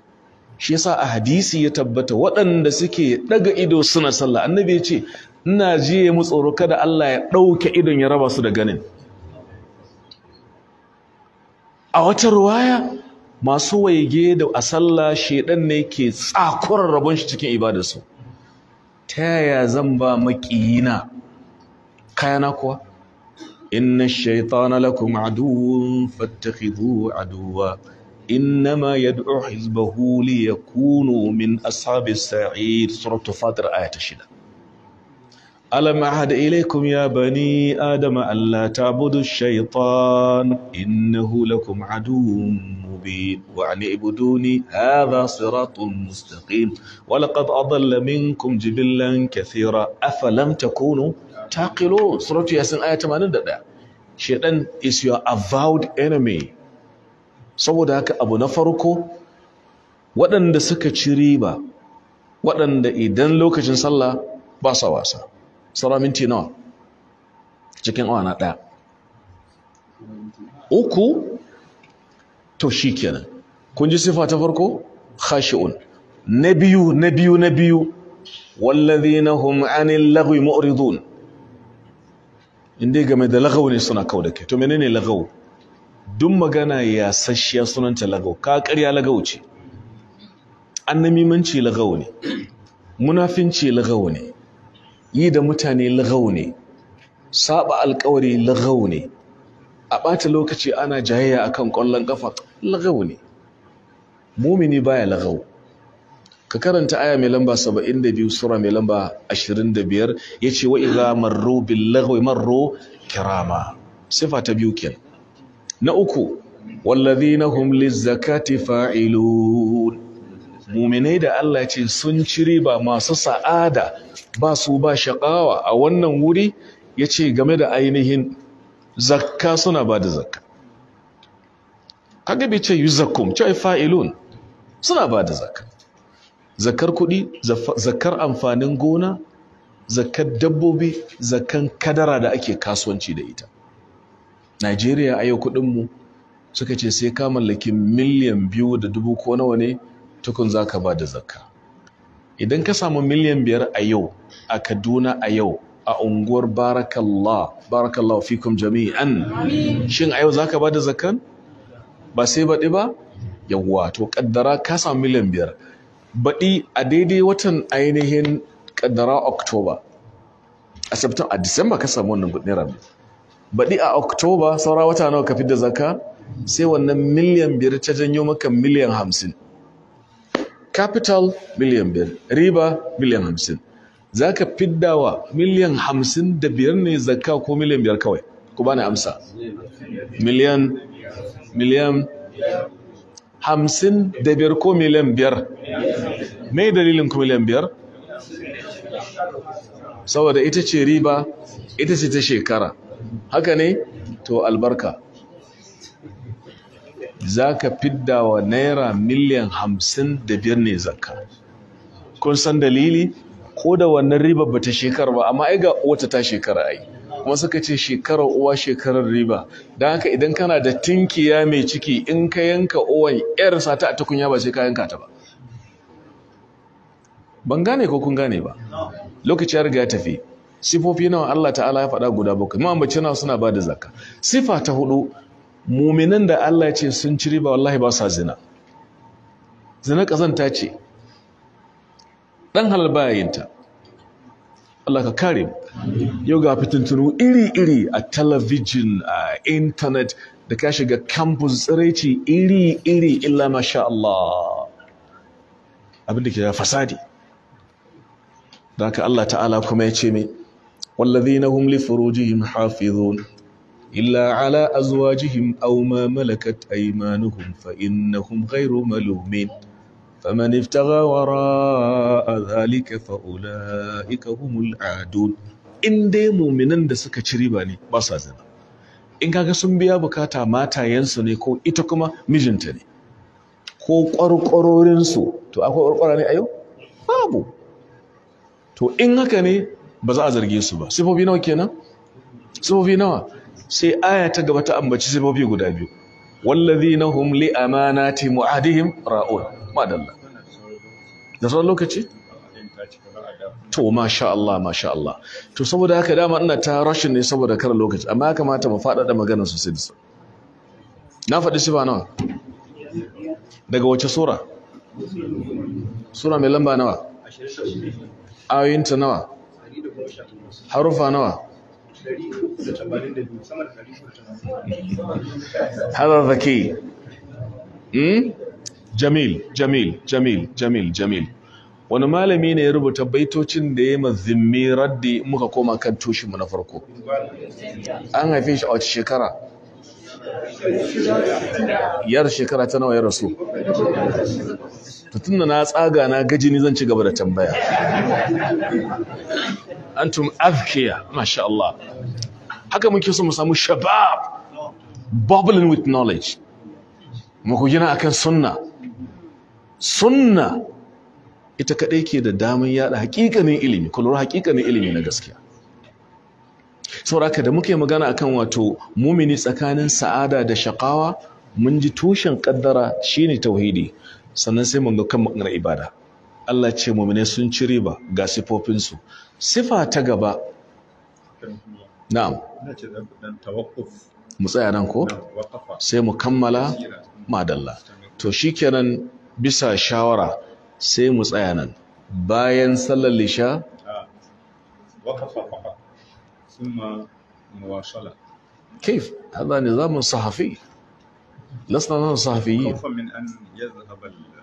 shi yasa a hadisi ya tabbata waɗanda suke ɗaga ido suna sallah annabi ya ce ina jiye mu tsoro kada Allah ya ɗauke idon ya raba su da ganin a wata ruwaya masu waige da a sallah ne ke tsakurar rabon shi cikin ibadarsu ta yaya zan ba maƙiyina kayana kuwa inna shaitana lakum aduwwun fattakhidhu aduwwa innama yad'u hizbahu liyakunu min ashabis sa'ir suratu fatir ayata shida. ألم أعهد إليكم يا بني آدم ألا تعبدوا الشيطان إنه لكم عدو مبين وأن اعبدوني هذا صراط مستقيم ولقد أضل منكم جبلا كثيرا أفلم تكونوا تعقلون سورة ياسين آية 81 Shaitan is your avowed enemy saboda haka abu na farko waɗanda suka ci riba waɗanda idan lokacin sallah ba sa wasa sauran minti nawa cikin awa na ɗaya uku to shi kenan kun ji sifa ta farko khashi'un na biyu na biyu na biyu wallazina hum anil lagwi mu'ridun indai game da lagaw ne suna kawo da ke to menene lagaw duk magana ya sashiya sunanta lagaw ka ƙarya lagaw ce annamimanci lagaw ne munafinci lagaw ne yi da mutane lagau ne saba alkawari lagau ne a ɓata lokaci ana jayayya kan ƙwallon ƙafa lagau ne mumini baya lagau ka karanta aya mai lamba 72 sura mai lamba 25 yace wa idza marru bil lagwi marru kirama sifa ta biyu ken na uku walladhina na liz zakati fa'ilun muminai da Allah ce sun ci riba masu sa'ada ba su ba shaƙawa a wannan wuri ya ce game da ainihin zakka suna ba da zakka kaga bai ce yi zakkum ce fa'ilun suna ba da zakka Zakkar kuɗi zakkar amfanin gona zakar dabbobi zakan kadara da ake kasuwanci da ita Najeriya a yau kuɗinmu suka ce sai ka mallaki miliyan biyu da dubu ko nawa ne tukun za ka ba da zakka idan ka samu miliyan biyar a yau a kaduna a yau a unguwar barakallah barakallah fikum jami'an shin a yau za ka ba da zakkan ba sai baɗi ba yawwa to kaddara ka samu miliyan biyar baɗi a daidai watan ainihin ƙaddara oktoba a september a disamba ka samu wannan naira baɗi a oktoba saura wata nawa ka fi da zakka sai wannan miliyan biyar ta janyo maka miliyan hamsin capital miliyan biyar riba miliyan hamsin za ka fidda wa miliyan hamsin da biyar ne zakka ko miliyan biyar kawai ku ni amsa miliyan miliyan hamsin da biyar ko miliyan biyar me dalilin ku miliyan biyar saboda ita ce riba ita ce ta shekara haka ne to albarka za ka fidda wa naira miliyan hamsin da biyar ne zakka kun san dalili ko da wannan riba bata shekara ba amma ai ga wata ta shekara ai kuma suka ce shekarar uwa shekarar riba don haka idan kana da tinkiya mai ciki in ka yanka uwan yar sata a tukunya ba sai ka yanka ta ba ban gane ko kun gane ba lokaci ya riga ya tafi sifofi nawa Allah ta'ala ya faɗa guda bakwai mu mace nawa suna ba da zakka sifa ta hudu muminan da Allah ya ce sun ci ba wallahi ba sa zina zina kazanta ce dan halal bayinta Allah ka kare yau ga fitintunu iri-iri a talabijin a intanet da ka shiga campus tsiraici iri-iri illa masha Allah abinda ke fasadi da ka Allah ta'ala kuma ya ce mai wallazina hum li furujihim hafizun إلا على أزواجهم أو ما ملكت أيمانهم فإنهم غير ملومين فمن ابتغى وراء ذلك فأولئك هم العادون in dai muminan da suka ci riba ne ba sa zina in kaga sun biya bukata matayensu ne ko ita kuma mijinta ne ko ƙwarƙwarorinsu to akwai ƙwarƙwara ne a yau babu to in haka ne ba za a zarge su ba sifofi kenan sifofi nawa sai aya ta gaba ta ambaci sifofi guda biyu wallazina hum li amanati mu'adihim ra'un madalla da sauran lokaci to masha Allah masha Allah to saboda haka dama ina ta rashin ne saboda kar lokaci amma ya kamata mu faɗaɗa maganar sosai da na faɗi ba nawa daga wace sura sura mai lamba nawa ayoyinta nawa harufa nawa هذا ذكي hmm? jamil jamil jamil jamil jamil wani malami ne ya rubuta baitocin da ya mazimmi raddi muka koma kan tushinmu na farko an haife shi a wace shekara yar shekara ta nawa ya rasu tutun da na tsaga na gaji ni zan ci gaba da tambaya antum azkiya masha Allah haka muke so mu samu shabab bubbling with knowledge mu ku jina akan sunna sunna ita kadai ke da damar yada hakikanin ilimi kullu hakikanin ilimi na gaskiya sauraka da muke magana akan wato mumini tsakanin sa'ada da shakawa mun ji tushen kaddara shine tauhidi sannan sai mun ga kan ibada Allah ce mumine sun ci riba ga sifofinsu sifa ta gaba na'am tawakkuf mu tsaya nan ko sai mu kammala madalla to shikenan bisa shawara sai mu tsaya nan bayan sallar lisha كيف هذا نظام صحفي لسنا نحن صحفيين خوفا من ان يذهب